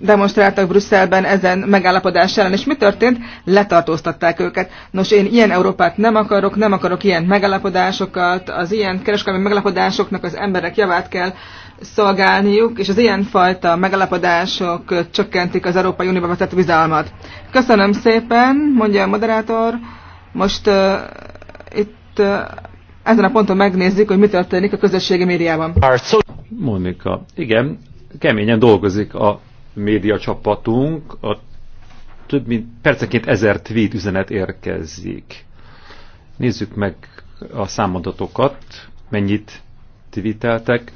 demonstráltak Brüsszelben ezen megállapodás ellen, és mi történt? Letartóztatták őket. Nos, én ilyen Európát nem akarok, nem akarok ilyen megállapodásokat, az ilyen kereskedelmi megállapodásoknak az emberek javát kell szolgálniuk, és az ilyenfajta megállapodások csökkentik az Európai Unióba vetett bizalmat. Köszönöm szépen, mondja a moderátor. Most uh, itt uh, ezen a ponton megnézzük, hogy mi történik a közösségi médiában. Monika, igen, keményen dolgozik a csapatunk, a több mint percenként ezer tweet üzenet érkezik. Nézzük meg a számadatokat, mennyit tweeteltek.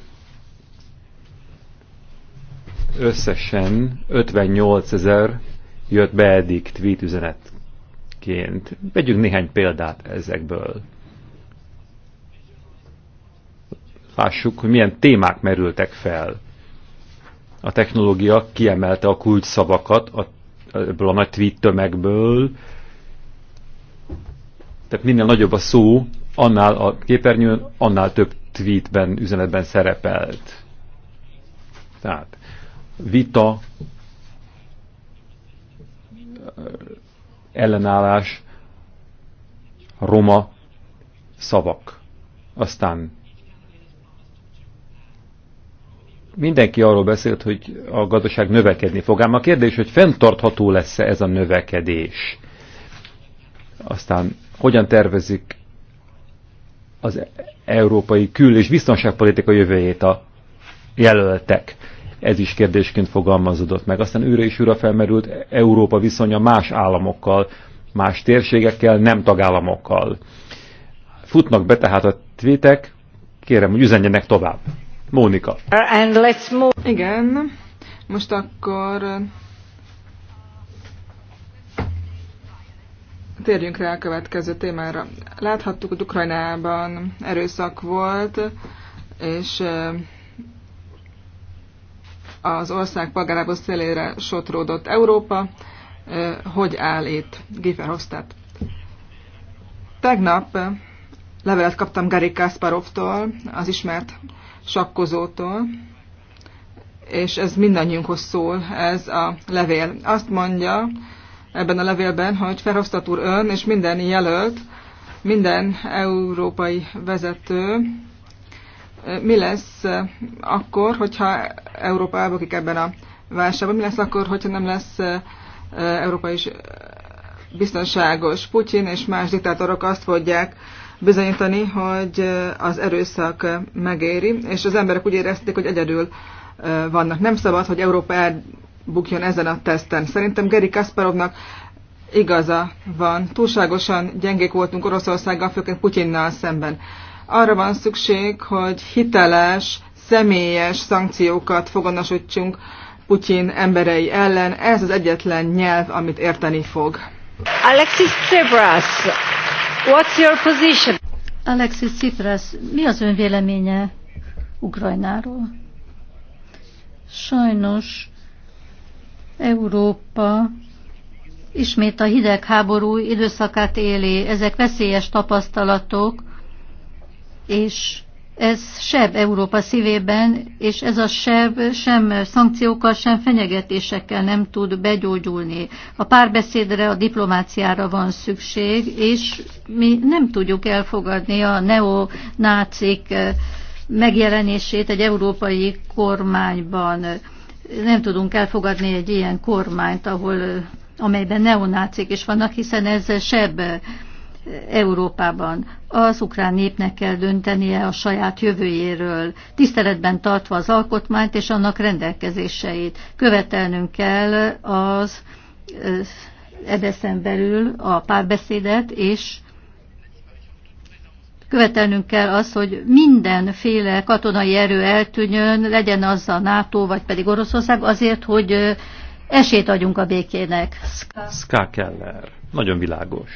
Összesen 58 ezer jött be eddig tweet üzenetként. Vegyünk néhány példát ezekből. Lássuk, hogy milyen témák merültek fel a technológia kiemelte a kulcs szavakat a, ebből a nagy tweet tömegből. Tehát minél nagyobb a szó, annál a képernyőn, annál több tweetben, üzenetben szerepelt. Tehát vita, ellenállás, roma szavak. Aztán mindenki arról beszélt, hogy a gazdaság növekedni fog. Ám a kérdés, hogy fenntartható lesz-e ez a növekedés? Aztán hogyan tervezik az európai kül- és biztonságpolitika jövőjét a jelöltek? Ez is kérdésként fogalmazódott meg. Aztán őre és újra felmerült Európa viszonya más államokkal, más térségekkel, nem tagállamokkal. Futnak be tehát a tweetek, kérem, hogy üzenjenek tovább. Mónika. And let's move. Igen, most akkor térjünk rá a következő témára. Láthattuk, hogy Ukrajnában erőszak volt, és az ország polgárából szélére sotródott Európa. Hogy áll itt Giffer Hostet? Tegnap levelet kaptam Gary Kasparovtól, az ismert sakkozótól, és ez mindannyiunkhoz szól, ez a levél. Azt mondja ebben a levélben, hogy Ferhofstadt úr ön és minden jelölt, minden európai vezető mi lesz akkor, hogyha Európa elbukik ebben a válságban, mi lesz akkor, hogyha nem lesz európai is biztonságos. Putyin és más diktátorok azt fogják bizonyítani, hogy az erőszak megéri, és az emberek úgy érezték, hogy egyedül vannak. Nem szabad, hogy Európa elbukjon ezen a teszten. Szerintem Geri Kasparovnak igaza van. Túlságosan gyengék voltunk Oroszországgal, főként Putyinnal szemben. Arra van szükség, hogy hiteles, személyes szankciókat fogonosítsunk Putyin emberei ellen. Ez az egyetlen nyelv, amit érteni fog. Alexis Tsipras, What's your position? Alexis Tsipras, mi az ön véleménye Ukrajnáról? Sajnos Európa ismét a hidegháború időszakát éli. Ezek veszélyes tapasztalatok, és ez seb Európa szívében, és ez a seb sem szankciókkal, sem fenyegetésekkel nem tud begyógyulni. A párbeszédre, a diplomáciára van szükség, és mi nem tudjuk elfogadni a neonácik eh, megjelenését egy európai kormányban. Nem tudunk elfogadni egy ilyen kormányt, ahol, eh, amelyben neonácik is vannak, hiszen ez seb Európában. Az ukrán népnek kell döntenie a saját jövőjéről, tiszteletben tartva az alkotmányt és annak rendelkezéseit. Követelnünk kell az eh, ebeszen belül a párbeszédet, és követelnünk kell azt, hogy mindenféle katonai erő eltűnjön, legyen az a NATO, vagy pedig Oroszország, azért, hogy eh, esélyt adjunk a békének. Ska Keller. Nagyon világos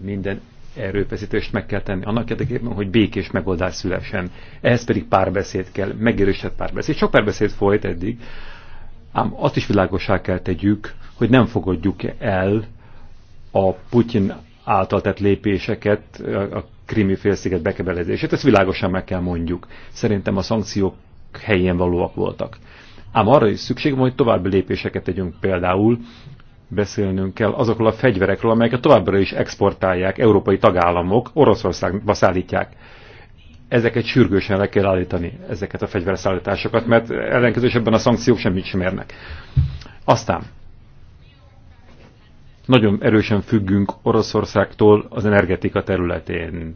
minden erőfeszítést meg kell tenni annak érdekében, hogy békés megoldás szülessen. Ehhez pedig párbeszéd kell, megerősített párbeszéd. Sok párbeszéd folyt eddig, ám azt is világosá kell tegyük, hogy nem fogadjuk el a Putyin által tett lépéseket, a krimi félsziget bekebelezését, ezt világosan meg kell mondjuk. Szerintem a szankciók helyén valóak voltak. Ám arra is szükség van, hogy további lépéseket tegyünk például beszélnünk kell azokról a fegyverekről, amelyeket továbbra is exportálják európai tagállamok, Oroszországba szállítják. Ezeket sürgősen le kell állítani, ezeket a fegyverszállításokat, mert ellenkezősebben a szankciók semmit sem érnek. Aztán nagyon erősen függünk Oroszországtól az energetika területén.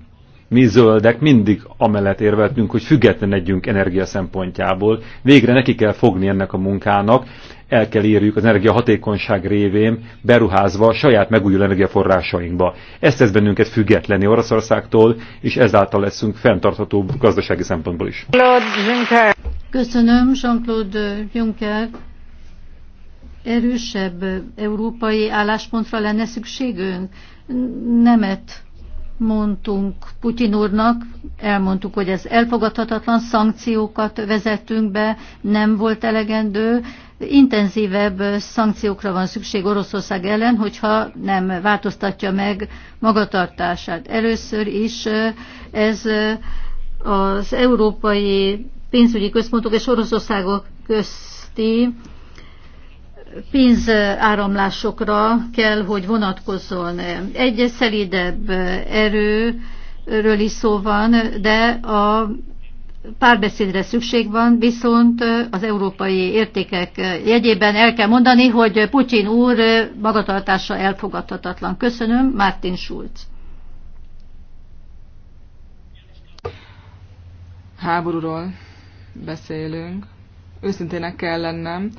Mi zöldek mindig amellett érveltünk, hogy függetlenedjünk energia szempontjából. Végre neki kell fogni ennek a munkának, el kell érjük az energiahatékonyság révén, beruházva a saját megújuló energiaforrásainkba. Ez tesz bennünket függetlenni Oroszországtól, és ezáltal leszünk fenntartható gazdasági szempontból is. Köszönöm, Jean-Claude Juncker. Erősebb európai álláspontra lenne szükségünk? Nemet mondtunk Putin úrnak, elmondtuk, hogy ez elfogadhatatlan, szankciókat vezettünk be, nem volt elegendő, intenzívebb szankciókra van szükség Oroszország ellen, hogyha nem változtatja meg magatartását. Először is ez az európai pénzügyi központok és Oroszországok közti pénzáramlásokra kell, hogy vonatkozzon. Egy szelidebb erőről is szó van, de a párbeszédre szükség van, viszont az európai értékek jegyében el kell mondani, hogy Putyin úr magatartása elfogadhatatlan. Köszönöm, Martin Schulz. Háborúról beszélünk. Őszintének kell lennem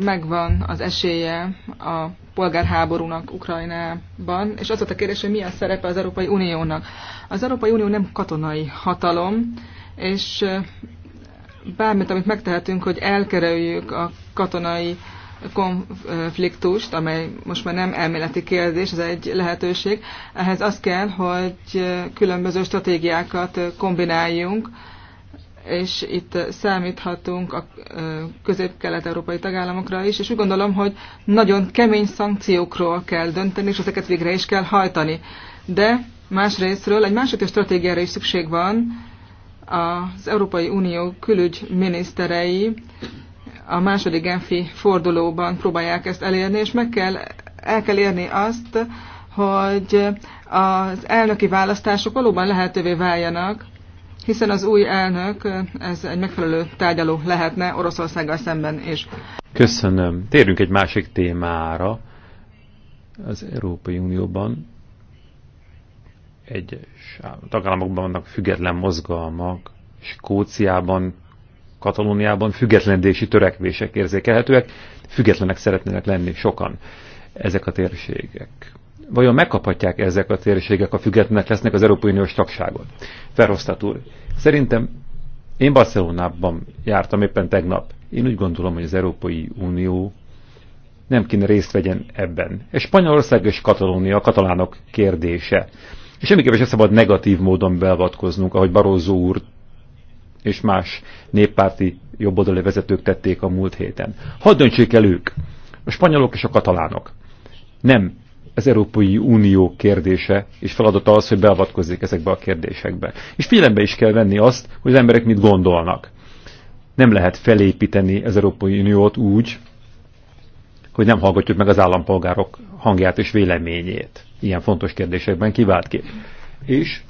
megvan az esélye a polgárháborúnak Ukrajnában, és az a kérdés, hogy mi a szerepe az Európai Uniónak. Az Európai Unió nem katonai hatalom, és bármit, amit megtehetünk, hogy elkerüljük a katonai konfliktust, amely most már nem elméleti kérdés, ez egy lehetőség. Ehhez az kell, hogy különböző stratégiákat kombináljunk, és itt számíthatunk a közép-kelet-európai tagállamokra is, és úgy gondolom, hogy nagyon kemény szankciókról kell dönteni, és ezeket végre is kell hajtani. De másrésztről egy másik stratégiára is szükség van, az Európai Unió külügyminiszterei a második Genfi fordulóban próbálják ezt elérni, és meg kell, el kell érni azt, hogy az elnöki választások valóban lehetővé váljanak, hiszen az új elnök ez egy megfelelő tárgyaló lehetne Oroszországgal szemben is. Köszönöm. Térjünk egy másik témára. Az Európai Unióban egyes tagállamokban vannak független mozgalmak, Skóciában, Katalóniában függetlendési törekvések érzékelhetőek, függetlenek szeretnének lenni sokan ezek a térségek vajon megkaphatják ezek a térségek, a függetlenek lesznek az Európai Uniós tagságot? Verhofstadt úr, szerintem én Barcelonában jártam éppen tegnap. Én úgy gondolom, hogy az Európai Unió nem kéne részt vegyen ebben. És Spanyolország és Katalónia, a katalánok kérdése. És semmiképpen sem szabad negatív módon beavatkoznunk, ahogy Barózó úr és más néppárti jobboldali vezetők tették a múlt héten. Hadd döntsék el ők, a spanyolok és a katalánok. Nem az Európai Unió kérdése és feladata az, hogy beavatkozzék ezekbe a kérdésekbe. És figyelembe is kell venni azt, hogy az emberek mit gondolnak. Nem lehet felépíteni az Európai Uniót úgy, hogy nem hallgatjuk meg az állampolgárok hangját és véleményét ilyen fontos kérdésekben kiváltképp. És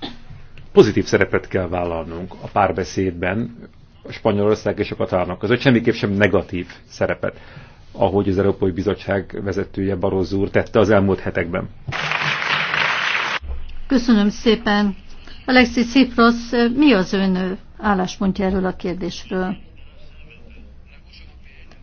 pozitív szerepet kell vállalnunk a párbeszédben a Spanyolország és a Katárnak között, semmiképp sem negatív szerepet ahogy az Európai Bizottság vezetője Barozó úr tette az elmúlt hetekben. Köszönöm szépen. Alexi Tsipras, mi az ön álláspontja erről a kérdésről?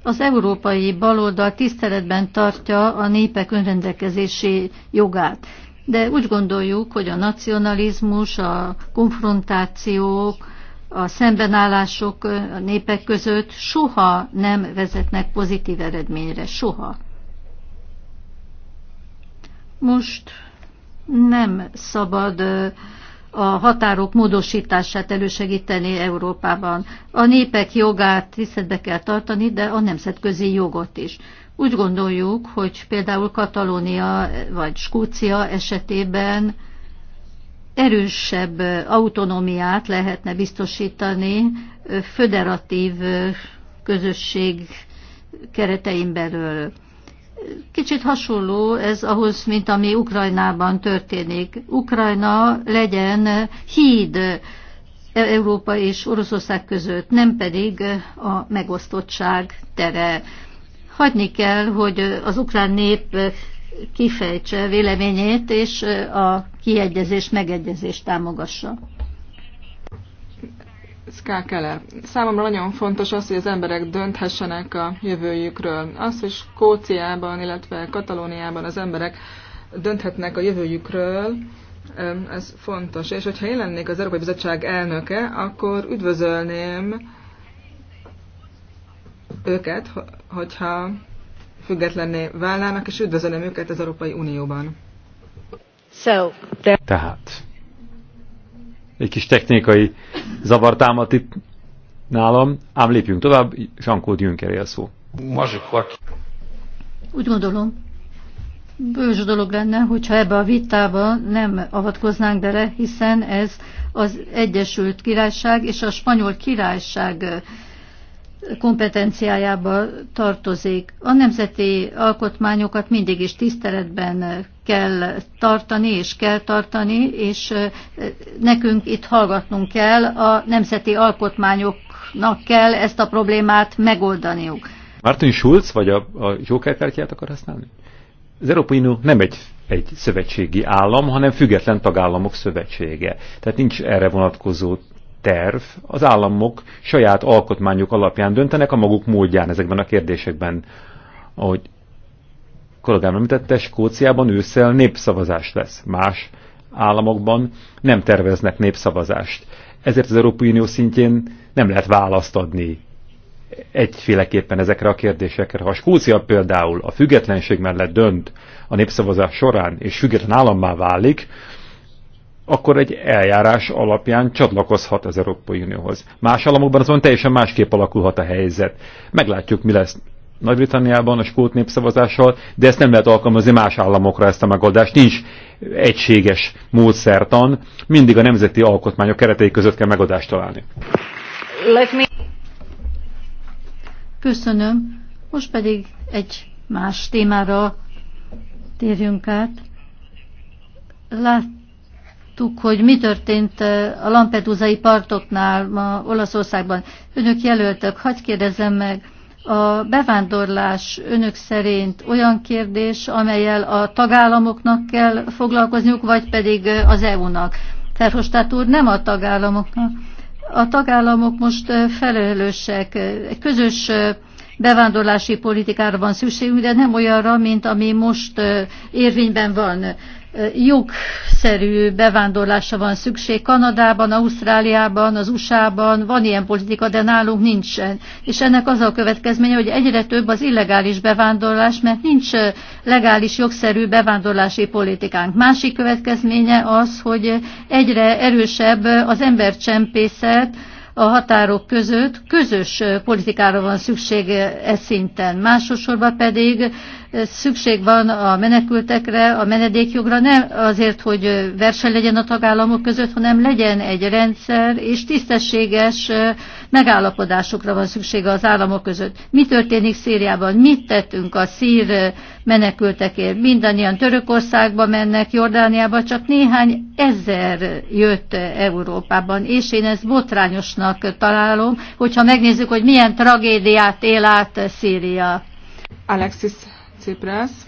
Az európai baloldal tiszteletben tartja a népek önrendelkezési jogát, de úgy gondoljuk, hogy a nacionalizmus, a konfrontációk, a szembenállások a népek között soha nem vezetnek pozitív eredményre, soha. Most nem szabad a határok módosítását elősegíteni Európában. A népek jogát tiszteletbe kell tartani, de a nemzetközi jogot is. Úgy gondoljuk, hogy például Katalónia vagy Skócia esetében erősebb autonómiát lehetne biztosítani föderatív közösség keretein belül. Kicsit hasonló ez ahhoz, mint ami Ukrajnában történik. Ukrajna legyen híd e-, Európa és Oroszország között, nem pedig a megosztottság tere. Hagyni kell, hogy az ukrán nép kifejtse véleményét, és a kiegyezés, megegyezés támogassa. Ská Keller. Számomra nagyon fontos az, hogy az emberek dönthessenek a jövőjükről. Az, hogy Skóciában, illetve Katalóniában az emberek dönthetnek a jövőjükről, ez fontos. És hogyha én lennék az Európai Bizottság elnöke, akkor üdvözölném őket, hogyha függetlenné válnának, és üdvözölöm őket az Európai Unióban. So, there... Tehát, egy kis technikai zavar itt nálam, ám lépjünk tovább, Jean-Claude Junckeré a szó. Úgy gondolom, bős dolog lenne, hogyha ebbe a vitába nem avatkoznánk bele, hiszen ez az Egyesült Királyság és a Spanyol Királyság kompetenciájába tartozik. A nemzeti alkotmányokat mindig is tiszteletben kell tartani, és kell tartani, és nekünk itt hallgatnunk kell, a nemzeti alkotmányoknak kell ezt a problémát megoldaniuk. Martin Schulz, vagy a, a Joker akar használni? Az Európai Unió nem egy egy szövetségi állam, hanem független tagállamok szövetsége. Tehát nincs erre vonatkozó terv, az államok saját alkotmányuk alapján döntenek a maguk módján ezekben a kérdésekben. Ahogy kollégám említette, Skóciában ősszel népszavazás lesz. Más államokban nem terveznek népszavazást. Ezért az Európai Unió szintjén nem lehet választ adni egyféleképpen ezekre a kérdésekre. Ha a Skócia például a függetlenség mellett dönt a népszavazás során, és független állammá válik, akkor egy eljárás alapján csatlakozhat az Európai Unióhoz. Más államokban azonban teljesen másképp alakulhat a helyzet. Meglátjuk, mi lesz nagy-Britanniában a skót népszavazással, de ezt nem lehet alkalmazni más államokra ezt a megoldást. Nincs egységes módszertan, mindig a nemzeti alkotmányok keretei között kell megoldást találni. Me... Köszönöm. Most pedig egy más témára térjünk át. Lát, láttuk, hogy mi történt eh, a Lampedusai partoknál ma Olaszországban. Önök jelöltök, hagyj kérdezem meg, a bevándorlás önök szerint olyan kérdés, amelyel a tagállamoknak kell foglalkozniuk, vagy pedig eh, az EU-nak? Ferhostát úr, nem a tagállamoknak. A tagállamok most eh, felelősek. Egy közös bevándorlási politikára van szükségünk, de nem olyanra, mint ami most érvényben van jogszerű bevándorlásra van szükség. Kanadában, Ausztráliában, az USA-ban van ilyen politika, de nálunk nincsen. És ennek az a következménye, hogy egyre több az illegális bevándorlás, mert nincs legális jogszerű bevándorlási politikánk. Másik következménye az, hogy egyre erősebb az embercsempészet, a határok között közös politikára van szükség e szinten. Másosorban pedig szükség van a menekültekre, a menedékjogra, nem azért, hogy verseny legyen a tagállamok között, hanem legyen egy rendszer, és tisztességes megállapodásokra van szüksége az államok között. Mi történik Szíriában? Mit tettünk a szír menekültekért? Mindannyian Törökországba mennek, Jordániába, csak néhány ezer jött Európában, és én ezt botrányosnak találom, hogyha megnézzük, hogy milyen tragédiát él át Szíria. Alexis Ciprász.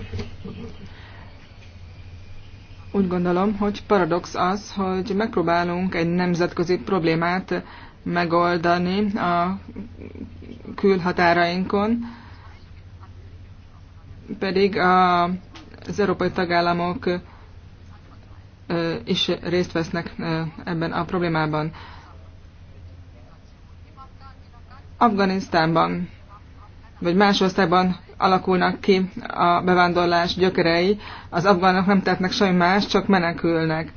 Úgy gondolom, hogy paradox az, hogy megpróbálunk egy nemzetközi problémát megoldani a külhatárainkon, pedig a, az európai tagállamok is részt vesznek ebben a problémában. Afganisztánban, vagy más országban alakulnak ki a bevándorlás gyökerei. Az afgánok nem tettnek semmi más, csak menekülnek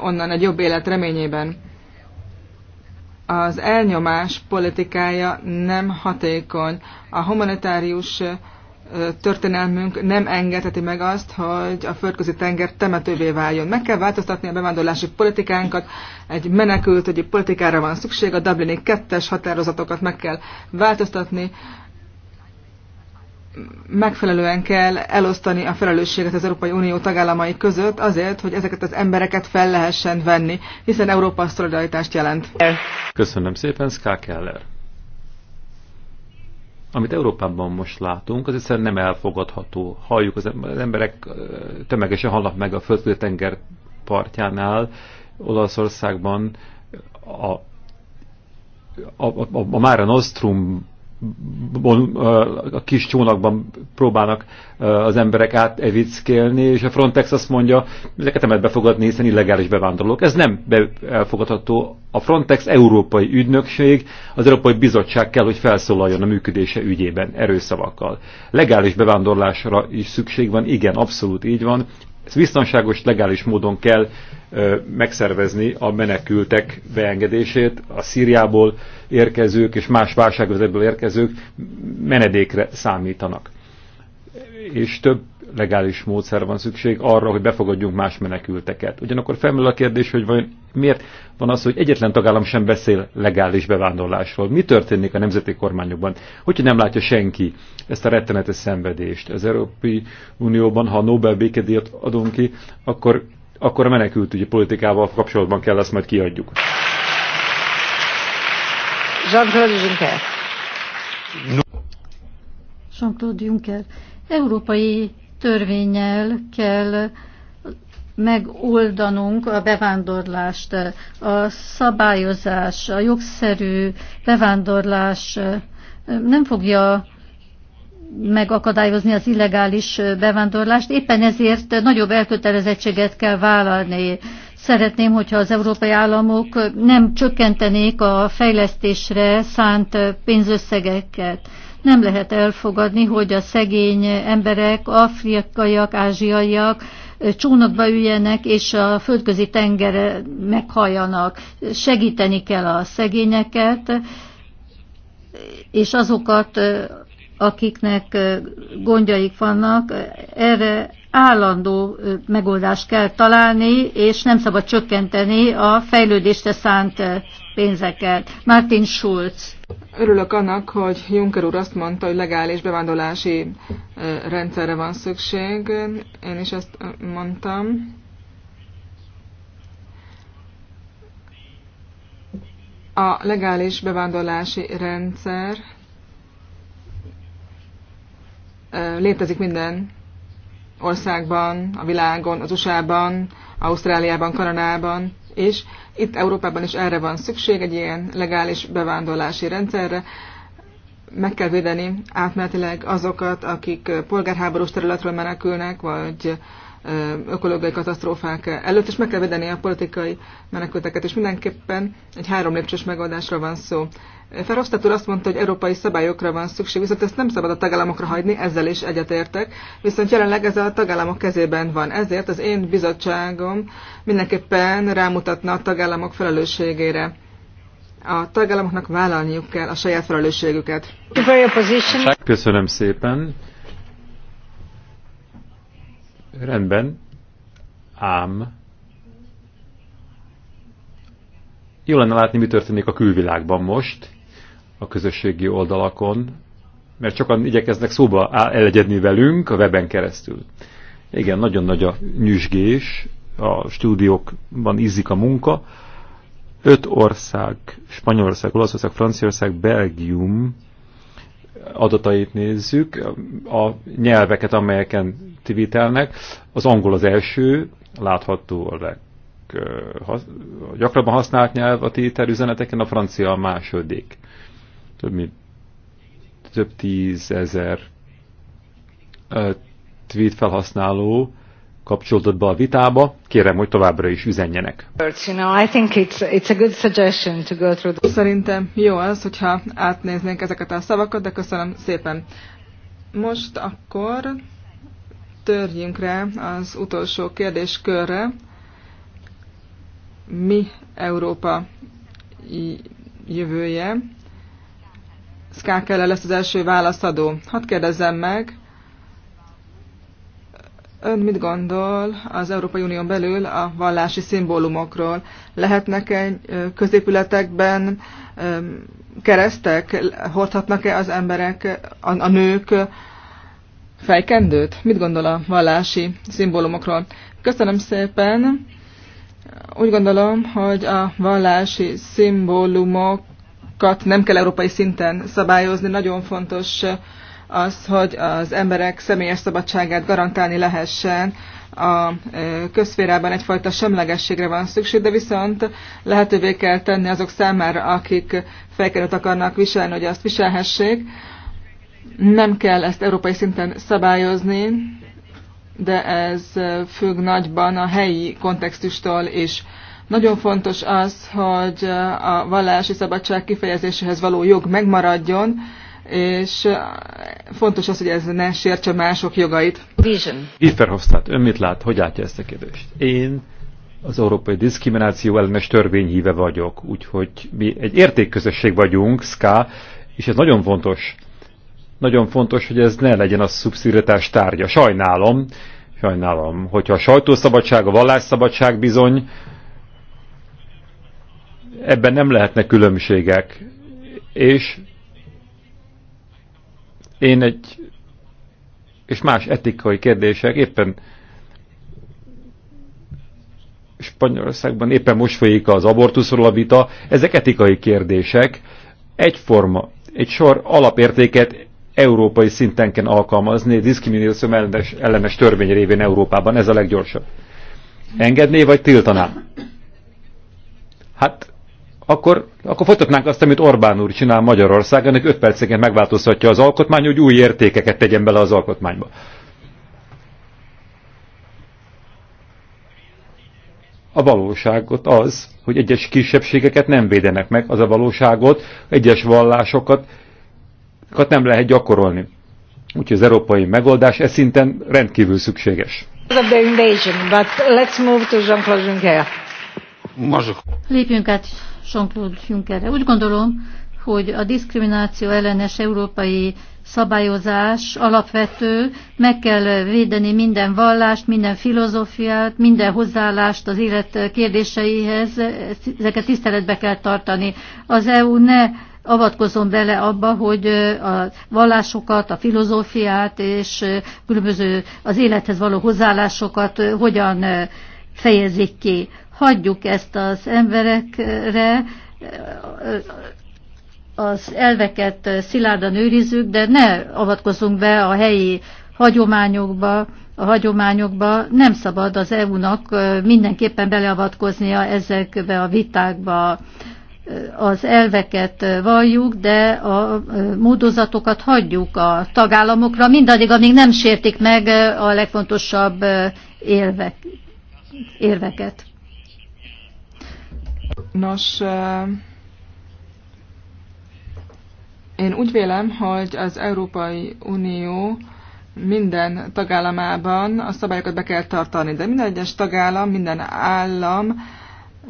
onnan egy jobb élet reményében. Az elnyomás politikája nem hatékony. A humanitárius történelmünk nem engedheti meg azt, hogy a földközi tenger temetővé váljon. Meg kell változtatni a bevándorlási politikánkat, egy menekültügyi politikára van szükség, a Dublini kettes határozatokat meg kell változtatni, megfelelően kell elosztani a felelősséget az Európai Unió tagállamai között azért, hogy ezeket az embereket fel lehessen venni, hiszen Európa szolidaritást jelent. Köszönöm szépen, Ská Keller. Amit Európában most látunk, az egyszerűen nem elfogadható. Halljuk, az emberek tömegesen hallnak meg a földközi tenger partjánál, Olaszországban a a, a, a Mára Nostrum a kis csónakban próbálnak az emberek evickélni, és a Frontex azt mondja, ezeket nem lehet befogadni, hiszen illegális bevándorlók. Ez nem be elfogadható. A Frontex Európai Ügynökség, az Európai Bizottság kell, hogy felszólaljon a működése ügyében erőszavakkal. Legális bevándorlásra is szükség van, igen, abszolút így van. Ezt biztonságos, legális módon kell megszervezni a menekültek beengedését, a Szíriából érkezők és más válságvezetből érkezők menedékre számítanak. És több legális módszer van szükség arra, hogy befogadjunk más menekülteket. Ugyanakkor felmerül a kérdés, hogy vajon miért van az, hogy egyetlen tagállam sem beszél legális bevándorlásról. Mi történik a nemzeti kormányokban? Hogyha nem látja senki ezt a rettenetes szenvedést. Az Európai Unióban, ha a Nobel békedíjat adunk ki, akkor akkor a ugye, politikával kapcsolatban kell ezt majd kiadjuk. Jean-Claude Juncker. Jean-Claude Juncker. Európai törvényel kell megoldanunk a bevándorlást, a szabályozás, a jogszerű bevándorlás nem fogja megakadályozni az illegális bevándorlást. Éppen ezért nagyobb elkötelezettséget kell vállalni. Szeretném, hogyha az európai államok nem csökkentenék a fejlesztésre szánt pénzösszegeket. Nem lehet elfogadni, hogy a szegény emberek, afrikaiak, ázsiaiak csónakba üljenek, és a földközi tengere meghalljanak. Segíteni kell a szegényeket, és azokat akiknek gondjaik vannak, erre állandó megoldást kell találni, és nem szabad csökkenteni a fejlődésre szánt pénzeket. Martin Schulz. Örülök annak, hogy Juncker úr azt mondta, hogy legális bevándorlási rendszerre van szükség. Én is ezt mondtam. A legális bevándorlási rendszer létezik minden országban, a világon, az USA-ban, Ausztráliában, Kanadában, és itt Európában is erre van szükség, egy ilyen legális bevándorlási rendszerre. Meg kell védeni átmenetileg azokat, akik polgárháborús területről menekülnek, vagy ökológiai katasztrófák előtt, és meg kell védeni a politikai menekülteket, és mindenképpen egy három lépcsős megoldásra van szó. Ferhofstadt úr azt mondta, hogy európai szabályokra van szükség, viszont ezt nem szabad a tagállamokra hagyni, ezzel is egyetértek, viszont jelenleg ez a tagállamok kezében van. Ezért az én bizottságom mindenképpen rámutatna a tagállamok felelősségére. A tagállamoknak vállalniuk kell a saját felelősségüket. Köszönöm szépen. Rendben, ám jó lenne látni, mi történik a külvilágban most, a közösségi oldalakon, mert sokan igyekeznek szóba elegyedni velünk a weben keresztül. Igen, nagyon nagy a nyüzsgés, a stúdiókban izzik a munka. Öt ország, Spanyolország, Olaszország, Franciaország, Belgium adatait nézzük, a nyelveket, amelyeken tivitelnek, az angol az első, látható a leg gyakrabban használt nyelv a tétel üzeneteken, a francia a második. Több mint több tízezer tweet felhasználó kapcsolódott be a vitába, kérem, hogy továbbra is üzenjenek. Szerintem jó az, hogyha átnéznénk ezeket a szavakat, de köszönöm szépen. Most akkor törjünk rá az utolsó kérdéskörre. Mi Európa jövője? Skákele lesz az első válaszadó. Hadd kérdezzem meg, Ön mit gondol az Európai Unión belül a vallási szimbólumokról? Lehetnek-e középületekben keresztek? Hordhatnak-e az emberek, a, a nők fejkendőt? Mit gondol a vallási szimbólumokról? Köszönöm szépen! Úgy gondolom, hogy a vallási szimbólumokat nem kell európai szinten szabályozni. Nagyon fontos az, hogy az emberek személyes szabadságát garantálni lehessen. A közférában egyfajta semlegességre van szükség, de viszont lehetővé kell tenni azok számára, akik fejkerült akarnak viselni, hogy azt viselhessék. Nem kell ezt európai szinten szabályozni, de ez függ nagyban a helyi kontextustól is. Nagyon fontos az, hogy a vallási szabadság kifejezéséhez való jog megmaradjon, és fontos az, hogy ez ne sértse mások jogait. Vision. Gifferhofstadt, ön mit lát? Hogy látja ezt a kérdést? Én az európai diszkrimináció ellenes törvényhíve vagyok, úgyhogy mi egy értékközösség vagyunk, SKA, és ez nagyon fontos. Nagyon fontos, hogy ez ne legyen a szubszidiaritás tárgya. Sajnálom, sajnálom, hogyha a sajtószabadság, a vallásszabadság bizony, ebben nem lehetnek különbségek, és én egy és más etikai kérdések éppen Spanyolországban éppen most folyik az abortuszról a vita, ezek etikai kérdések, egyforma, egy sor alapértéket európai szinten kell alkalmazni, diszkrimináció ellenes, ellenes törvény révén Európában, ez a leggyorsabb. Engedné vagy tiltaná? Hát akkor, akkor folytatnánk azt, amit Orbán úr csinál Magyarországon, hogy 5 percenként megváltoztatja az alkotmány, hogy új értékeket tegyen bele az alkotmányba. A valóságot az, hogy egyes kisebbségeket nem védenek meg, az a valóságot, egyes vallásokat nem lehet gyakorolni. Úgyhogy az európai megoldás e szinten rendkívül szükséges. But let's move to Jean-Claude Juncker. Lépjünk át Jean-Claude Junckerre. Úgy gondolom, hogy a diszkrimináció ellenes európai szabályozás alapvető, meg kell védeni minden vallást, minden filozófiát, minden hozzáállást az élet kérdéseihez, ezeket tiszteletbe kell tartani. Az EU ne avatkozom bele abba, hogy a vallásokat, a filozófiát és különböző az élethez való hozzáállásokat hogyan fejezik ki hagyjuk ezt az emberekre, az elveket szilárdan őrizzük, de ne avatkozunk be a helyi hagyományokba, a hagyományokba nem szabad az EU-nak mindenképpen beleavatkoznia ezekbe a vitákba. Az elveket valljuk, de a módozatokat hagyjuk a tagállamokra, mindaddig, amíg nem sértik meg a legfontosabb érvek, érveket. Nos, én úgy vélem, hogy az Európai Unió minden tagállamában a szabályokat be kell tartani, de minden egyes tagállam, minden állam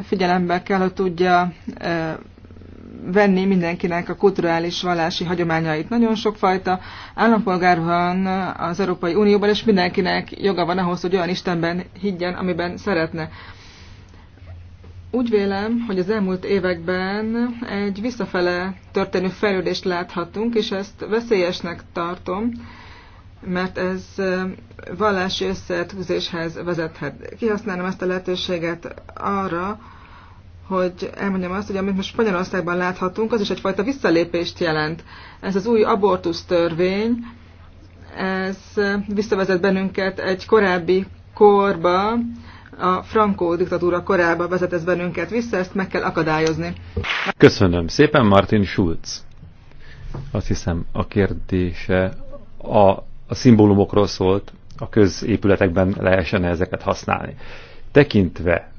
figyelembe kell, hogy tudja venni mindenkinek a kulturális vallási hagyományait. Nagyon sokfajta állampolgár van az Európai Unióban, és mindenkinek joga van ahhoz, hogy olyan Istenben higgyen, amiben szeretne. Úgy vélem, hogy az elmúlt években egy visszafele történő fejlődést láthatunk, és ezt veszélyesnek tartom, mert ez vallási összetűzéshez vezethet. Kihasználom ezt a lehetőséget arra, hogy elmondjam azt, hogy amit most Spanyolországban láthatunk, az is egyfajta visszalépést jelent. Ez az új abortusz törvény, ez visszavezet bennünket egy korábbi korba, a Franco diktatúra korába vezet ez bennünket vissza, ezt meg kell akadályozni. Köszönöm szépen, Martin Schulz. Azt hiszem a kérdése a, a szimbólumokról szólt, a középületekben lehessen -e ezeket használni. Tekintve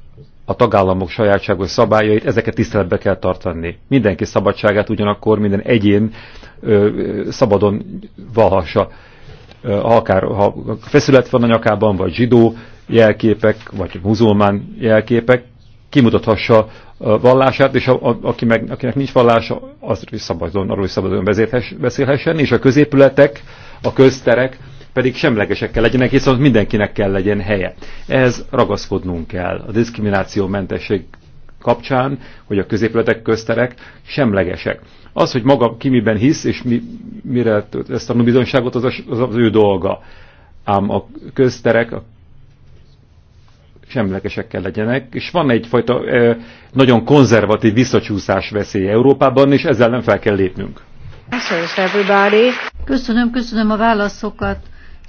a tagállamok sajátságos szabályait, ezeket tiszteletbe kell tartani. Mindenki szabadságát ugyanakkor minden egyén ö, szabadon valhassa. Ö, akár ha feszület van a nyakában, vagy zsidó, jelképek, vagy muzulmán jelképek kimutathassa a vallását, és a, a, aki meg, akinek nincs vallása, az is szabadon, arról is szabadon beszélhessen, és a középületek, a közterek pedig semlegesek kell legyenek, hiszen mindenkinek kell legyen helye. Ehhez ragaszkodnunk kell a mentesség kapcsán, hogy a középületek, közterek semlegesek. Az, hogy maga ki miben hisz, és mi, mire ezt a bizonyságot, az, az az ő dolga. Ám a közterek, a semlegesekkel legyenek, és van egyfajta e, nagyon konzervatív visszacsúszás veszély Európában, és ezzel nem fel kell lépnünk. Köszönöm, köszönöm a válaszokat.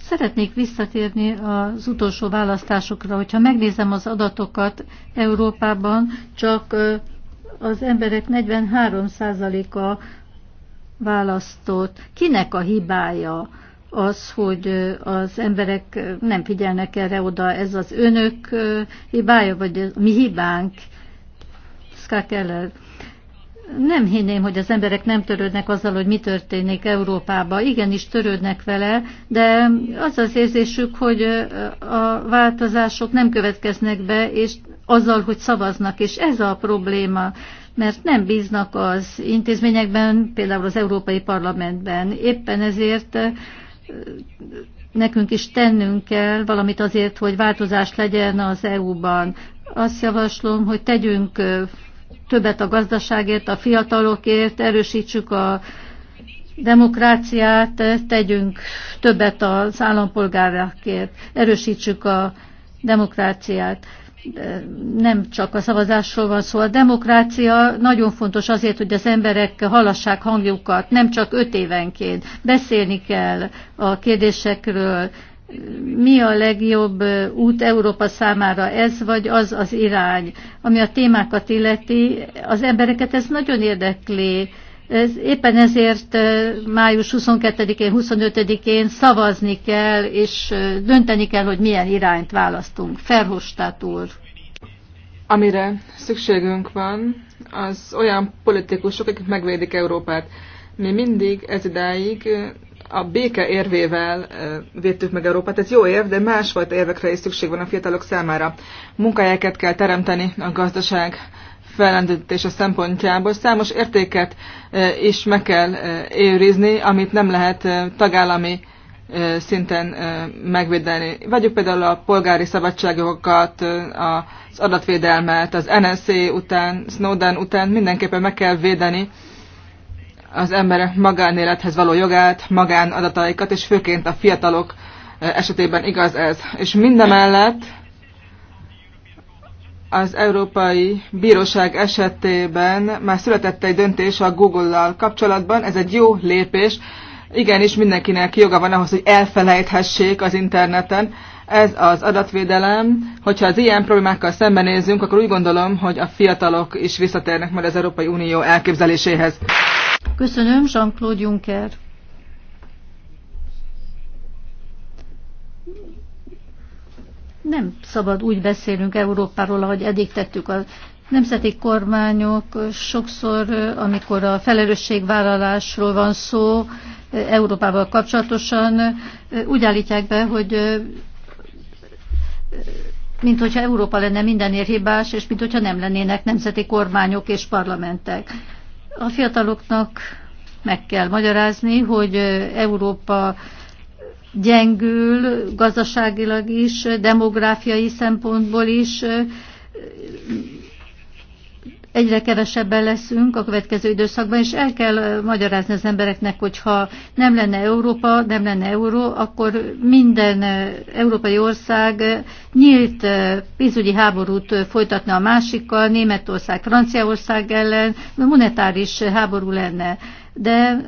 Szeretnék visszatérni az utolsó választásokra. Hogyha megnézem az adatokat Európában, csak az emberek 43%-a választott. Kinek a hibája? az, hogy az emberek nem figyelnek erre oda, ez az önök hibája, vagy mi hibánk? Ska Nem hinném, hogy az emberek nem törődnek azzal, hogy mi történik Európában. Igenis törődnek vele, de az az érzésük, hogy a változások nem következnek be, és azzal, hogy szavaznak, és ez a probléma mert nem bíznak az intézményekben, például az Európai Parlamentben. Éppen ezért nekünk is tennünk kell valamit azért, hogy változás legyen az EU-ban. Azt javaslom, hogy tegyünk többet a gazdaságért, a fiatalokért, erősítsük a demokráciát, tegyünk többet az állampolgárakért, erősítsük a demokráciát nem csak a szavazásról van szó. A demokrácia nagyon fontos azért, hogy az emberek hallassák hangjukat, nem csak öt évenként. Beszélni kell a kérdésekről, mi a legjobb út Európa számára, ez vagy az az irány. Ami a témákat illeti, az embereket ez nagyon érdekli, ez, éppen ezért május 22-én, 25-én szavazni kell, és dönteni kell, hogy milyen irányt választunk. Ferhostát úr. Amire szükségünk van, az olyan politikusok, akik megvédik Európát. Mi mindig ez idáig a béke érvével védtük meg Európát. Ez jó érv, de másfajta érvekre is szükség van a fiatalok számára. Munkahelyeket kell teremteni a gazdaság fellendítése szempontjából számos értéket eh, is meg kell eh, őrizni, amit nem lehet eh, tagállami szinten megvédeni. Vegyük például a polgári szabadságokat, az adatvédelmet, az NSA után, Snowden után mindenképpen meg kell védeni az ember magánélethez való jogát, magánadataikat, és főként a fiatalok esetében igaz ez. És mindemellett az Európai Bíróság esetében már született egy döntés a Google-lal kapcsolatban. Ez egy jó lépés. Igenis, mindenkinek joga van ahhoz, hogy elfelejthessék az interneten. Ez az adatvédelem. Hogyha az ilyen problémákkal szembenézünk, akkor úgy gondolom, hogy a fiatalok is visszatérnek majd az Európai Unió elképzeléséhez. Köszönöm, Jean-Claude Juncker. nem szabad úgy beszélnünk Európáról, ahogy eddig tettük. A nemzeti kormányok sokszor, amikor a felelősségvállalásról van szó, Európával kapcsolatosan úgy állítják be, hogy mint hogyha Európa lenne mindenért hibás, és mint hogyha nem lennének nemzeti kormányok és parlamentek. A fiataloknak meg kell magyarázni, hogy Európa gyengül gazdaságilag is, demográfiai szempontból is. Egyre kevesebben leszünk a következő időszakban, és el kell magyarázni az embereknek, hogy ha nem lenne Európa, nem lenne euró, akkor minden európai ország nyílt pénzügyi háborút folytatna a másikkal, Németország, Franciaország ellen, monetáris háború lenne. De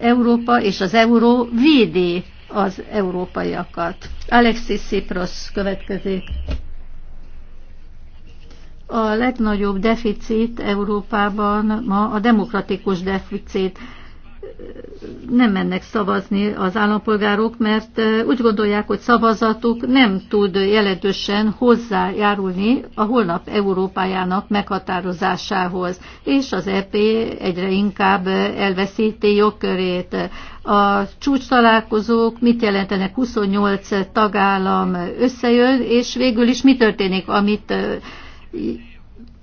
Európa és az euró védi az európaiakat. Alexis Tsipros következik. A legnagyobb deficit Európában ma a demokratikus deficit. Nem mennek szavazni az állampolgárok, mert úgy gondolják, hogy szavazatuk nem tud jelentősen hozzájárulni a holnap Európájának meghatározásához, és az EP egyre inkább elveszíti jogkörét a csúcs találkozók mit jelentenek, 28 tagállam összejön, és végül is mi történik, amit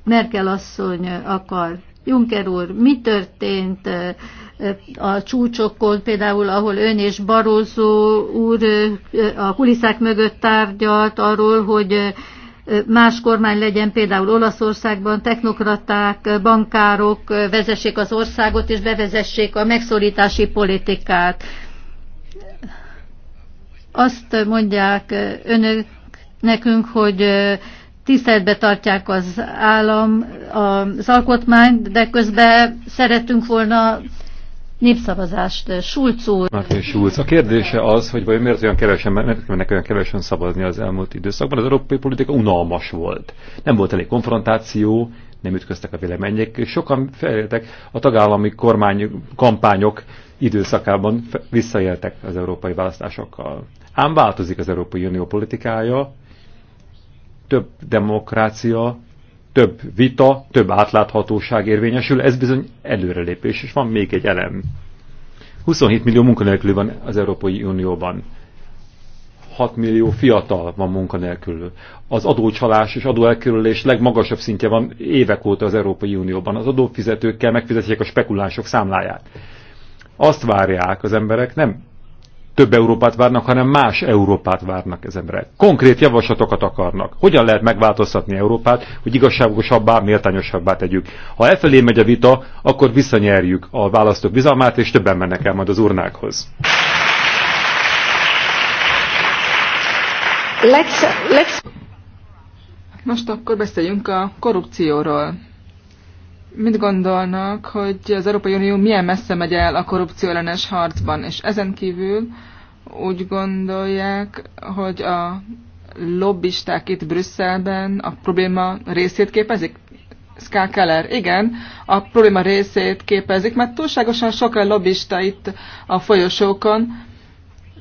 Merkel asszony akar. Juncker úr, mi történt a csúcsokon, például ahol ön és Barózó úr a kulisszák mögött tárgyalt arról, hogy más kormány legyen, például Olaszországban technokraták, bankárok vezessék az országot és bevezessék a megszorítási politikát. Azt mondják önök nekünk, hogy tiszteletbe tartják az állam, az alkotmányt, de közben szeretünk volna népszavazást. Eh, Schulz úr. Martin Schulz. A kérdése az, hogy vajon miért olyan kevesen, mennek olyan kevesen szavazni az elmúlt időszakban. Az európai politika unalmas volt. Nem volt elég konfrontáció, nem ütköztek a vélemények, és sokan feléltek a tagállami kormány kampányok időszakában visszaéltek az európai választásokkal. Ám változik az Európai Unió politikája, több demokrácia, több vita, több átláthatóság érvényesül, ez bizony előrelépés, és van még egy elem. 27 millió munkanélkül van az Európai Unióban. 6 millió fiatal van munkanélkül. Az adócsalás és adóelkerülés legmagasabb szintje van évek óta az Európai Unióban. Az adófizetőkkel megfizetjék a spekulánsok számláját. Azt várják az emberek, nem több Európát várnak, hanem más Európát várnak az emberek. Konkrét javaslatokat akarnak. Hogyan lehet megváltoztatni Európát, hogy igazságosabbá, méltányosabbá tegyük. Ha efelé megy a vita, akkor visszanyerjük a választók bizalmát, és többen mennek el majd az urnákhoz. Let's, let's... Most akkor beszéljünk a korrupcióról mit gondolnak, hogy az Európai Unió milyen messze megy el a korrupció ellenes harcban, és ezen kívül úgy gondolják, hogy a lobbisták itt Brüsszelben a probléma részét képezik? Ská Keller, igen, a probléma részét képezik, mert túlságosan sok a lobbista itt a folyosókon,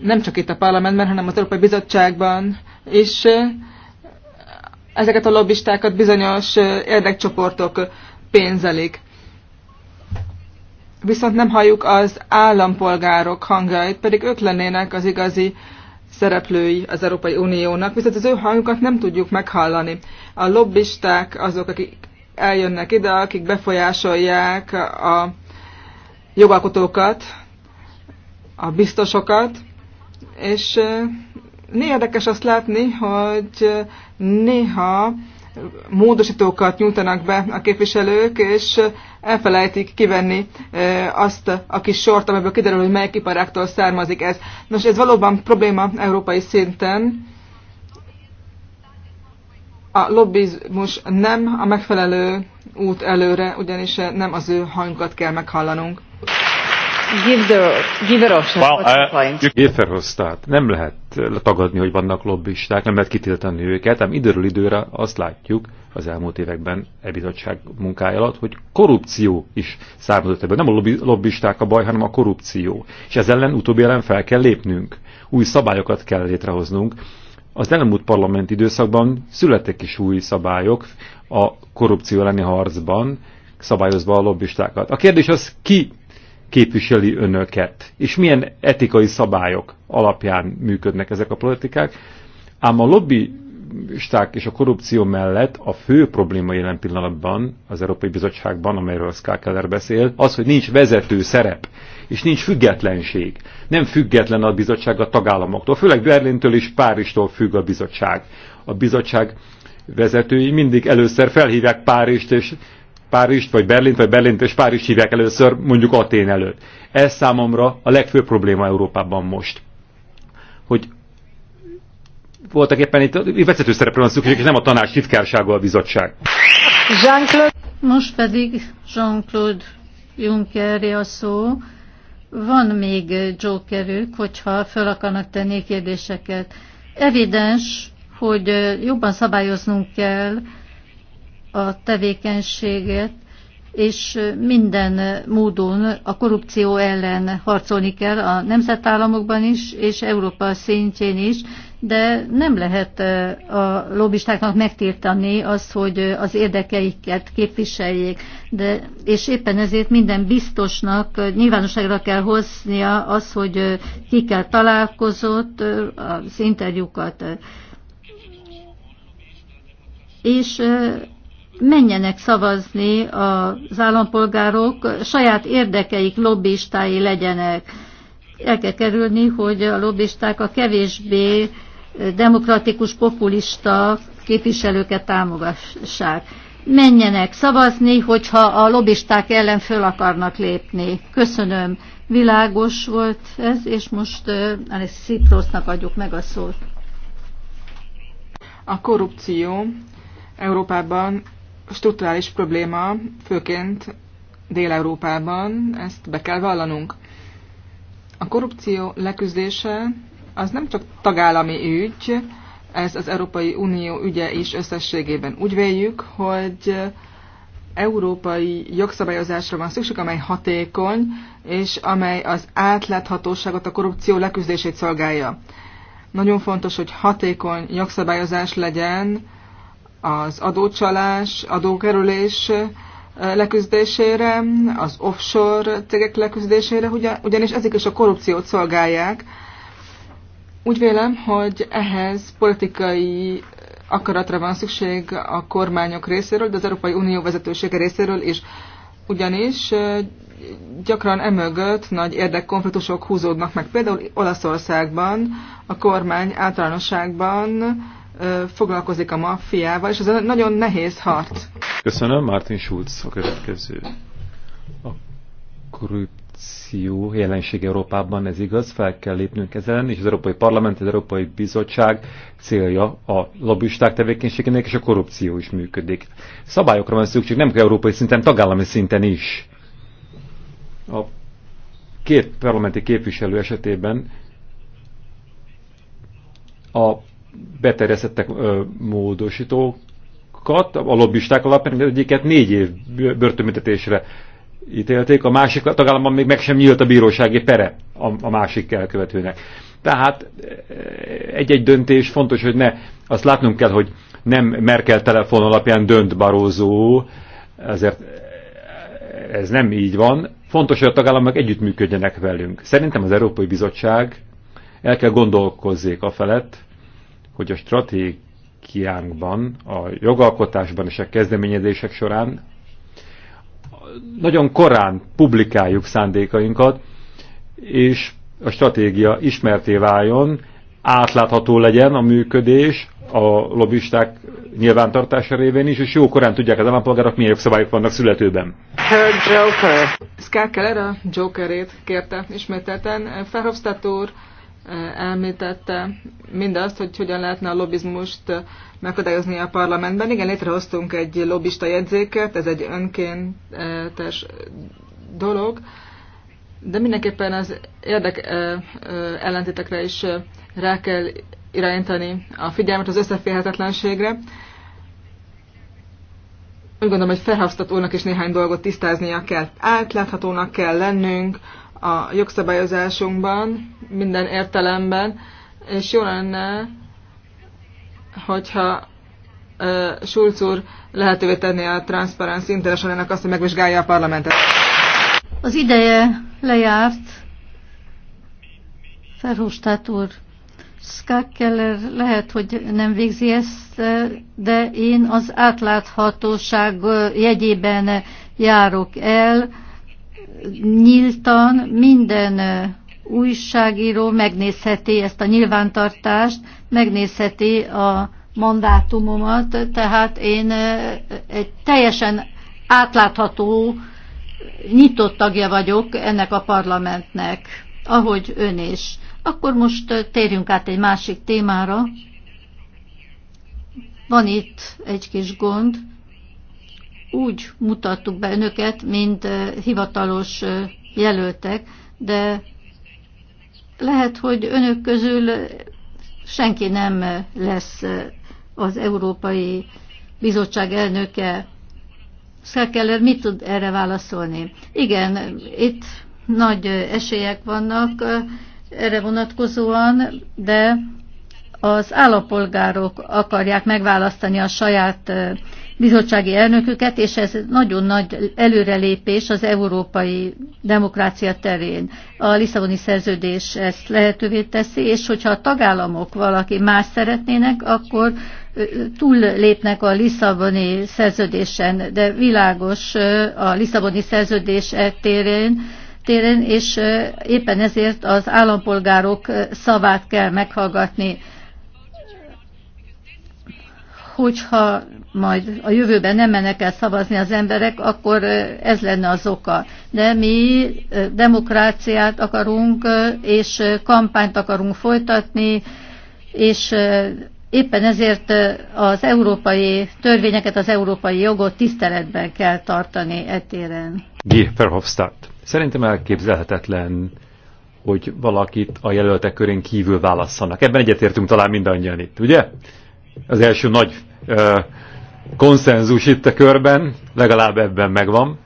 nem csak itt a parlamentben, hanem az Európai Bizottságban, és ezeket a lobbistákat bizonyos érdekcsoportok pénzelik. Viszont nem halljuk az állampolgárok hangjait, pedig ők lennének az igazi szereplői az Európai Uniónak, viszont az ő hangjukat nem tudjuk meghallani. A lobbisták azok, akik eljönnek ide, akik befolyásolják a jogalkotókat, a biztosokat, és eh, néha érdekes azt látni, hogy eh, néha módosítókat nyújtanak be a képviselők, és elfelejtik kivenni e, azt a kis sort, amiből kiderül, hogy melyik iparáktól származik ez. Nos, ez valóban probléma európai szinten. A lobbizmus nem a megfelelő út előre, ugyanis nem az ő hangokat kell meghallanunk give the, give Well, uh, Nem lehet uh, tagadni, hogy vannak lobbisták, nem lehet kitiltani őket, ám időről időre azt látjuk az elmúlt években e bizottság munkája alatt, hogy korrupció is származott ebből. Nem a lobbisták a baj, hanem a korrupció. És ez ellen utóbbi ellen fel kell lépnünk. Új szabályokat kell létrehoznunk. Az elmúlt parlament időszakban születtek is új szabályok a korrupció elleni harcban, szabályozva a lobbistákat. A kérdés az, ki képviseli önöket, és milyen etikai szabályok alapján működnek ezek a politikák. Ám a lobbisták és a korrupció mellett a fő probléma jelen pillanatban az Európai Bizottságban, amelyről Ská Keller beszél, az, hogy nincs vezető szerep, és nincs függetlenség. Nem független a bizottság a tagállamoktól, főleg Berlintől és Párizstól függ a bizottság. A bizottság vezetői mindig először felhívják Párizst és Párizst, vagy Berlint, vagy Berlint és Párizs hívják először, mondjuk Atén előtt. Ez számomra a legfőbb probléma Európában most. Hogy voltak éppen itt vezető szerepre van szükség, és nem a tanács titkársága a bizottság. Jean-Claude. Most pedig Jean-Claude Junckeré a szó. Van még jokerük, hogyha fel akarnak tenni kérdéseket. Evidens, hogy jobban szabályoznunk kell, a tevékenységet, és minden módon a korrupció ellen harcolni kell a nemzetállamokban is, és Európa szintjén is, de nem lehet a lobbistáknak megtiltani azt, hogy az érdekeiket képviseljék, de, és éppen ezért minden biztosnak nyilvánosságra kell hoznia az, hogy ki kell találkozott, az interjúkat. És menjenek szavazni az állampolgárok, saját érdekeik lobbistái legyenek. El kell kerülni, hogy a lobbisták a kevésbé demokratikus, populista képviselőket támogassák. Menjenek szavazni, hogyha a lobbisták ellen föl akarnak lépni. Köszönöm. Világos volt ez, és most uh, Sziprosznak adjuk meg a szót. A korrupció Európában strukturális probléma, főként Dél-Európában, ezt be kell vallanunk. A korrupció leküzdése az nem csak tagállami ügy, ez az Európai Unió ügye is összességében. Úgy véljük, hogy európai jogszabályozásra van szükség, amely hatékony, és amely az átláthatóságot, a korrupció leküzdését szolgálja. Nagyon fontos, hogy hatékony jogszabályozás legyen, az adócsalás, adókerülés leküzdésére, az offshore cégek leküzdésére, ugyanis ezek is a korrupciót szolgálják. Úgy vélem, hogy ehhez politikai akaratra van szükség a kormányok részéről, de az Európai Unió vezetősége részéről is. Ugyanis gyakran emögött nagy érdekkonfliktusok húzódnak meg. Például Olaszországban a kormány általánosságban foglalkozik a maffiával, és ez egy nagyon nehéz harc. Köszönöm, Martin Schulz a következő. A korrupció jelenség Európában, ez igaz, fel kell lépnünk ezen, és az Európai Parlament, az Európai Bizottság célja a lobbisták tevékenységének, és a korrupció is működik. Szabályokra van szükség, nem kell európai szinten, tagállami szinten is. A két parlamenti képviselő esetében a beterjesztettek módosítókat, a lobbisták alapján, egyiket négy év börtönbüntetésre ítélték, a másik a tagállamban még meg sem nyílt a bírósági pere a, a másik elkövetőnek. Tehát e, egy-egy döntés fontos, hogy ne, azt látnunk kell, hogy nem Merkel telefon alapján dönt Barózó, ezért ez nem így van. Fontos, hogy a tagállamok együttműködjenek velünk. Szerintem az Európai Bizottság el kell gondolkozzék a felett, hogy a stratégiánkban, a jogalkotásban és a kezdeményezések során nagyon korán publikáljuk szándékainkat, és a stratégia ismerté váljon, átlátható legyen a működés a lobbisták nyilvántartása révén is, és jó korán tudják az állampolgárok, milyen jogszabályok vannak születőben. Joker. Skákeler a Jokerét kérte ismételten. Verhofstadt úr elmítette mindazt, hogy hogyan lehetne a lobbizmust megakadályozni a parlamentben. Igen, létrehoztunk egy lobbista jegyzéket, ez egy önkéntes dolog, de mindenképpen az érdek ellentétekre is rá kell irányítani a figyelmet az összeférhetetlenségre. Úgy gondolom, hogy felhasztatónak is néhány dolgot tisztáznia kell. Átláthatónak kell lennünk, a jogszabályozásunkban, minden értelemben, és jó lenne, hogyha uh, Schulz úr lehetővé tenni a Transparency international azt, hogy megvizsgálja a parlamentet. Az ideje lejárt. Ferhostát úr, Skakeller lehet, hogy nem végzi ezt, de én az átláthatóság jegyében járok el nyíltan minden újságíró megnézheti ezt a nyilvántartást, megnézheti a mandátumomat, tehát én egy teljesen átlátható, nyitott tagja vagyok ennek a parlamentnek, ahogy ön is. Akkor most térjünk át egy másik témára. Van itt egy kis gond úgy mutattuk be önöket, mint hivatalos jelöltek, de lehet, hogy önök közül senki nem lesz az Európai Bizottság elnöke. Szekeller mit tud erre válaszolni? Igen, itt nagy esélyek vannak erre vonatkozóan, de az állapolgárok akarják megválasztani a saját bizottsági elnöküket, és ez nagyon nagy előrelépés az európai demokrácia terén. A Lisszaboni szerződés ezt lehetővé teszi, és hogyha a tagállamok valaki más szeretnének, akkor túl lépnek a Lisszaboni szerződésen, de világos a Lisszaboni szerződés e terén téren, és éppen ezért az állampolgárok szavát kell meghallgatni hogyha majd a jövőben nem mennek el szavazni az emberek, akkor ez lenne az oka. De mi demokráciát akarunk, és kampányt akarunk folytatni, és éppen ezért az európai törvényeket, az európai jogot tiszteletben kell tartani etéren. G. Verhofstadt. Szerintem elképzelhetetlen, hogy valakit a jelöltek körén kívül válasszanak. Ebben egyetértünk talán mindannyian itt, ugye? az első nagy ö, konszenzus itt a körben, legalább ebben megvan.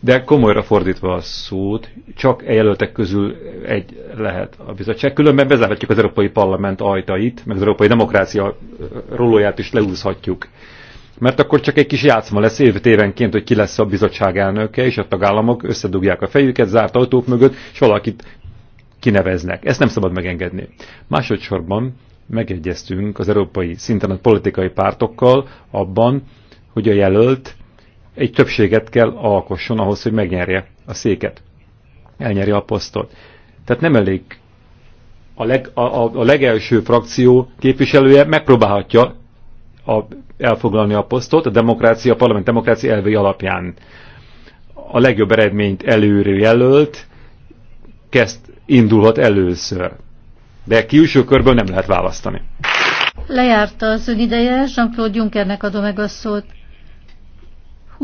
De komolyra fordítva a szót, csak e jelöltek közül egy lehet a bizottság. Különben bezárhatjuk az Európai Parlament ajtait, meg az Európai Demokrácia rolóját is leúzhatjuk. Mert akkor csak egy kis játszma lesz évtévenként, hogy ki lesz a bizottság elnöke, és a tagállamok összedugják a fejüket zárt autók mögött, és valakit kineveznek. Ezt nem szabad megengedni. Másodszorban megegyeztünk az európai szinten a politikai pártokkal abban, hogy a jelölt egy többséget kell alkosson ahhoz, hogy megnyerje a széket, elnyerje a posztot. Tehát nem elég a, leg, a, a, legelső frakció képviselője megpróbálhatja a, elfoglalni a posztot a demokrácia, a parlament demokrácia elvei alapján. A legjobb eredményt előre jelölt kezd, indulhat először de külső körből nem lehet választani. Lejárta az ön ideje, Jean-Claude Junckernek adom meg a szót.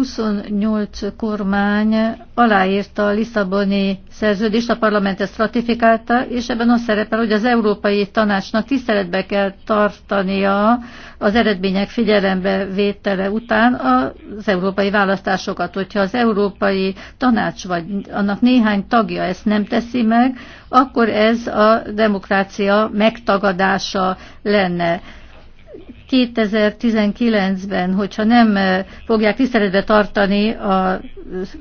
28 kormány aláírta a Lisszaboni szerződést, a parlament ezt ratifikálta, és ebben az szerepel, hogy az Európai Tanácsnak tiszteletbe kell tartania az eredmények figyelembe vétele után az európai választásokat. Hogyha az Európai Tanács vagy annak néhány tagja ezt nem teszi meg, akkor ez a demokrácia megtagadása lenne 2019-ben, hogyha nem eh, fogják tiszteletbe tartani a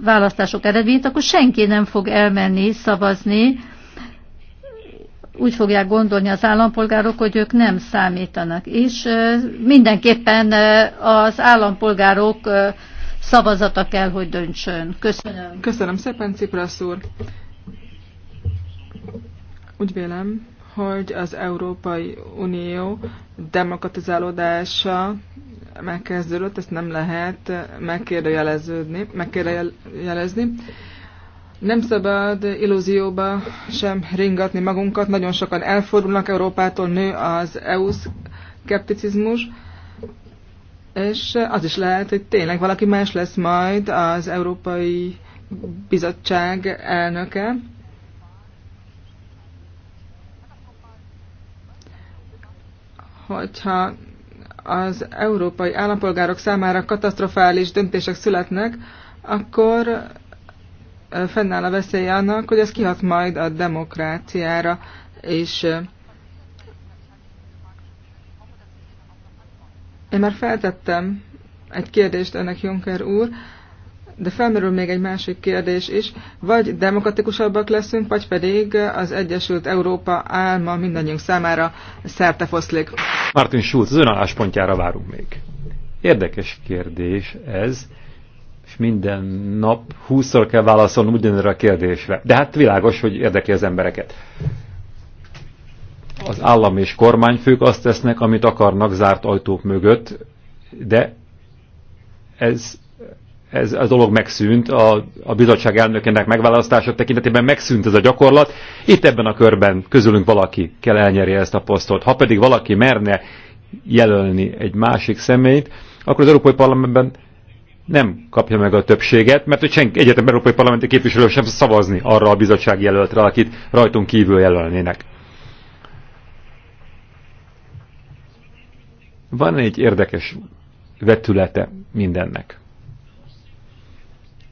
választások eredményt, akkor senki nem fog elmenni szavazni. Úgy fogják gondolni az állampolgárok, hogy ők nem számítanak. És eh, mindenképpen eh, az állampolgárok szavazata kell, hogy döntsön. Köszönöm. Köszönöm szépen, Ciprasz úr. Úgy vélem, hogy az Európai Unió demokratizálódása megkezdődött, ezt nem lehet megkérdőjeleződni, megkérdőjelezni. Nem szabad illúzióba sem ringatni magunkat, nagyon sokan elfordulnak Európától, nő az EU szkepticizmus, és az is lehet, hogy tényleg valaki más lesz majd az Európai Bizottság elnöke, hogyha az európai állampolgárok számára katasztrofális döntések születnek, akkor fennáll a veszély annak, hogy ez kihat majd a demokráciára, és én már feltettem egy kérdést ennek Juncker úr, de felmerül még egy másik kérdés is, vagy demokratikusabbak leszünk, vagy pedig az Egyesült Európa álma mindannyiunk számára szertefoszlik. Martin Schulz, az önálláspontjára várunk még. Érdekes kérdés ez, és minden nap húszszor kell válaszolnom ugyanerre a kérdésre. De hát világos, hogy érdekli az embereket. Az állam és kormányfők azt tesznek, amit akarnak zárt ajtók mögött, de ez ez a dolog megszűnt, a, a bizottság elnökének megválasztása tekintetében megszűnt ez a gyakorlat. Itt ebben a körben közülünk valaki kell elnyerje ezt a posztot. Ha pedig valaki merne jelölni egy másik személyt, akkor az Európai Parlamentben nem kapja meg a többséget, mert hogy senki egyetem Európai Parlamenti képviselő sem szavazni arra a bizottság jelöltre, akit rajtunk kívül jelölnének. Van egy érdekes vetülete mindennek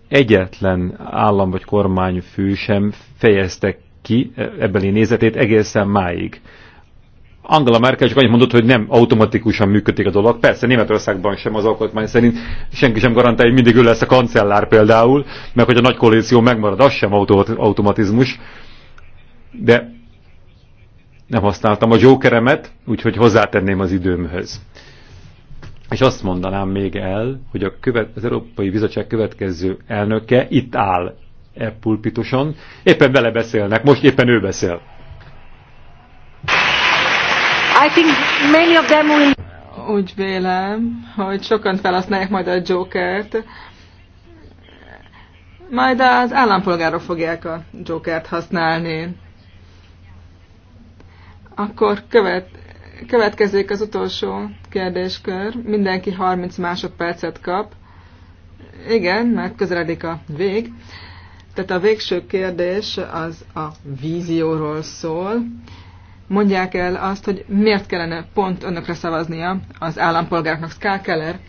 egyetlen állam vagy kormányfő sem fejezte ki ebbeli nézetét egészen máig. Angela Merkel csak annyit mondott, hogy nem automatikusan működik a dolog. Persze Németországban sem az alkotmány szerint senki sem garantálja, hogy mindig ő lesz a kancellár például, mert hogy a nagy koalíció megmarad, az sem automatizmus. De nem használtam a jókeremet, úgyhogy hozzátenném az időmhöz. És azt mondanám még el, hogy a követ, az Európai Bizottság következő elnöke itt áll e pulpituson. Éppen vele beszélnek, most éppen ő beszél. I think many of them will... Úgy vélem, hogy sokan felhasználják majd a Jokert. Majd az állampolgárok fogják a Jokert használni. Akkor követ, Következik az utolsó kérdéskör. Mindenki 30 másodpercet kap. Igen, mert közeledik a vég. Tehát a végső kérdés az a vízióról szól. Mondják el azt, hogy miért kellene pont önökre szavaznia az állampolgároknak. Skál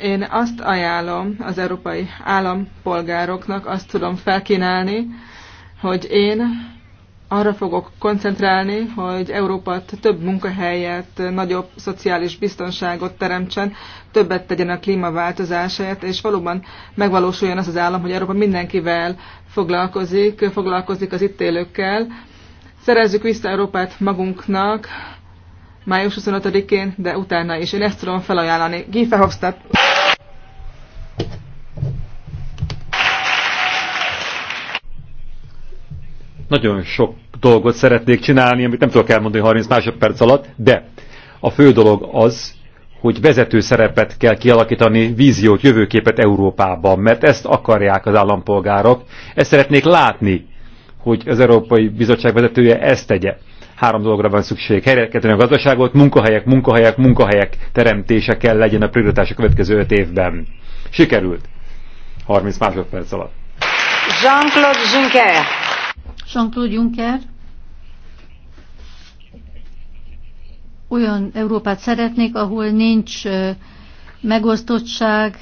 Én azt ajánlom az európai állampolgároknak, azt tudom felkínálni, hogy én arra fogok koncentrálni, hogy Európa több munkahelyet, nagyobb szociális biztonságot teremtsen, többet tegyen a klímaváltozásért, és valóban megvalósuljon az az állam, hogy Európa mindenkivel foglalkozik, foglalkozik az itt élőkkel. Szerezzük vissza Európát magunknak május 25-én, de utána is. Én ezt tudom felajánlani. Guy Verhofstadt. Nagyon sok dolgot szeretnék csinálni, amit nem tudok elmondani 30 másodperc alatt, de a fő dolog az, hogy vezető szerepet kell kialakítani, víziót, jövőképet Európában, mert ezt akarják az állampolgárok, ezt szeretnék látni, hogy az Európai Bizottság vezetője ezt tegye. Három dologra van szükség. Helyre a gazdaságot, munkahelyek, munkahelyek, munkahelyek teremtése kell legyen a prioritás a következő öt évben. Sikerült. 30 másodperc alatt. Jean-Claude Juncker. Jean-Claude Juncker olyan Európát szeretnék, ahol nincs megosztottság,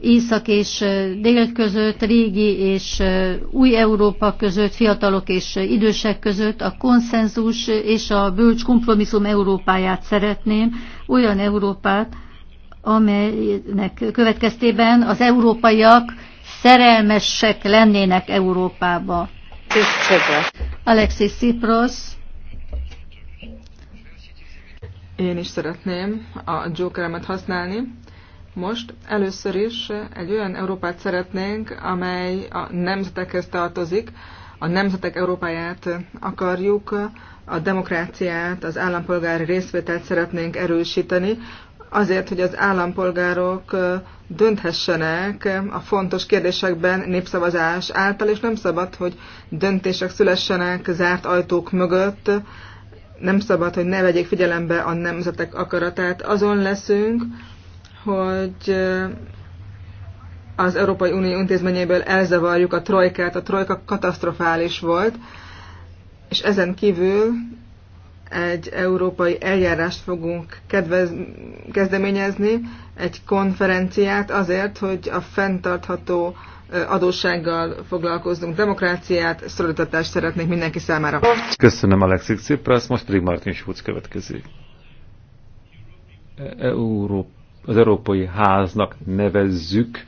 észak és dél között, régi és új Európa között, fiatalok és idősek között a konszenzus és a bölcs kompromisszum Európáját szeretném, olyan Európát, amelynek következtében az európaiak szerelmesek lennének Európába. Alexis Cipros. Én is szeretném a jokeremet használni. Most először is egy olyan Európát szeretnénk, amely a nemzetekhez tartozik, a nemzetek Európáját akarjuk, a demokráciát, az állampolgári részvételt szeretnénk erősíteni, azért, hogy az állampolgárok dönthessenek a fontos kérdésekben népszavazás által, és nem szabad, hogy döntések szülessenek zárt ajtók mögött, nem szabad, hogy ne vegyék figyelembe a nemzetek akaratát. Azon leszünk, hogy az Európai Unió intézményéből elzavarjuk a trojkát. A trojka katasztrofális volt, és ezen kívül egy európai eljárást fogunk kedvez, kezdeményezni, egy konferenciát azért, hogy a fenntartható adóssággal foglalkozzunk. Demokráciát, szolidatást szeretnék mindenki számára. Köszönöm Alexis Tsipras, most pedig Martin Schulz következik. E-, Európa az Európai Háznak nevezzük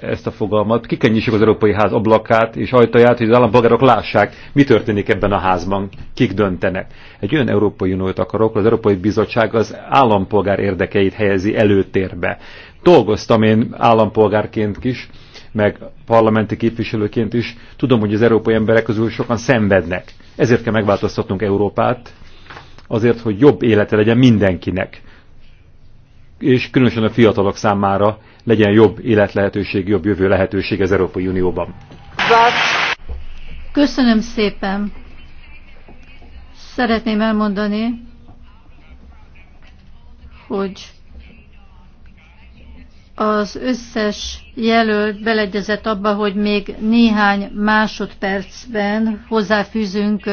ezt a fogalmat, kikenyítsük az Európai Ház ablakát és ajtaját, hogy az állampolgárok lássák, mi történik ebben a házban, kik döntenek. Egy olyan Európai Uniót akarok, az Európai Bizottság az állampolgár érdekeit helyezi előtérbe. Dolgoztam én állampolgárként is, meg parlamenti képviselőként is. Tudom, hogy az európai emberek közül sokan szenvednek. Ezért kell megváltoztatnunk Európát, azért, hogy jobb élete legyen mindenkinek és különösen a fiatalok számára legyen jobb életlehetőség, jobb jövő lehetőség az Európai Unióban. Köszönöm szépen! Szeretném elmondani, hogy az összes jelölt beleegyezett abba, hogy még néhány másodpercben hozzáfűzünk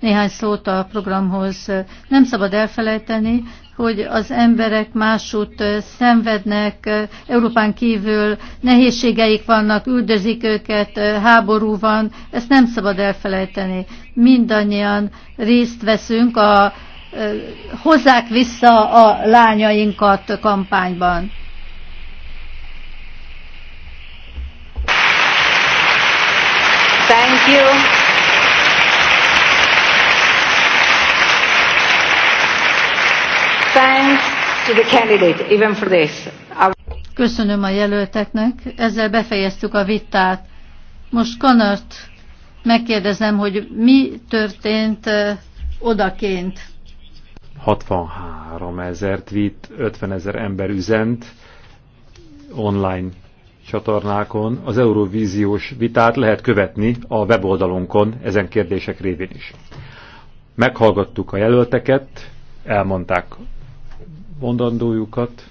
néhány szót a programhoz. Nem szabad elfelejteni, hogy az emberek másút szenvednek, Európán kívül nehézségeik vannak, üldözik őket, háború van, ezt nem szabad elfelejteni. Mindannyian részt veszünk a hozzák vissza a lányainkat kampányban. Thank you. Köszönöm a jelölteknek. Ezzel befejeztük a vitát. Most Kanart megkérdezem, hogy mi történt eh, odaként. 63 ezer tweet, 50 ezer ember üzent online csatornákon. Az Eurovíziós vitát lehet követni a weboldalunkon ezen kérdések révén is. Meghallgattuk a jelölteket, elmondták mondandójukat.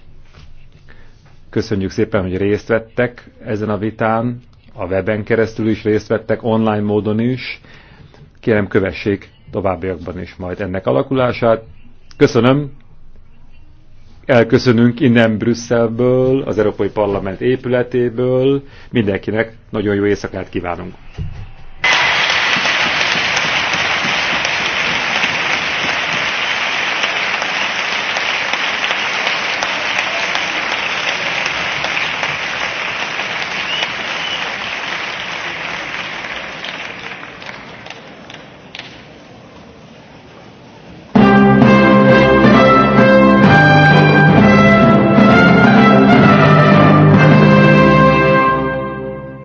Köszönjük szépen, hogy részt vettek ezen a vitán, a weben keresztül is részt vettek, online módon is. Kérem, kövessék továbbiakban is majd ennek alakulását. Köszönöm, elköszönünk innen Brüsszelből, az Európai Parlament épületéből. Mindenkinek nagyon jó éjszakát kívánunk!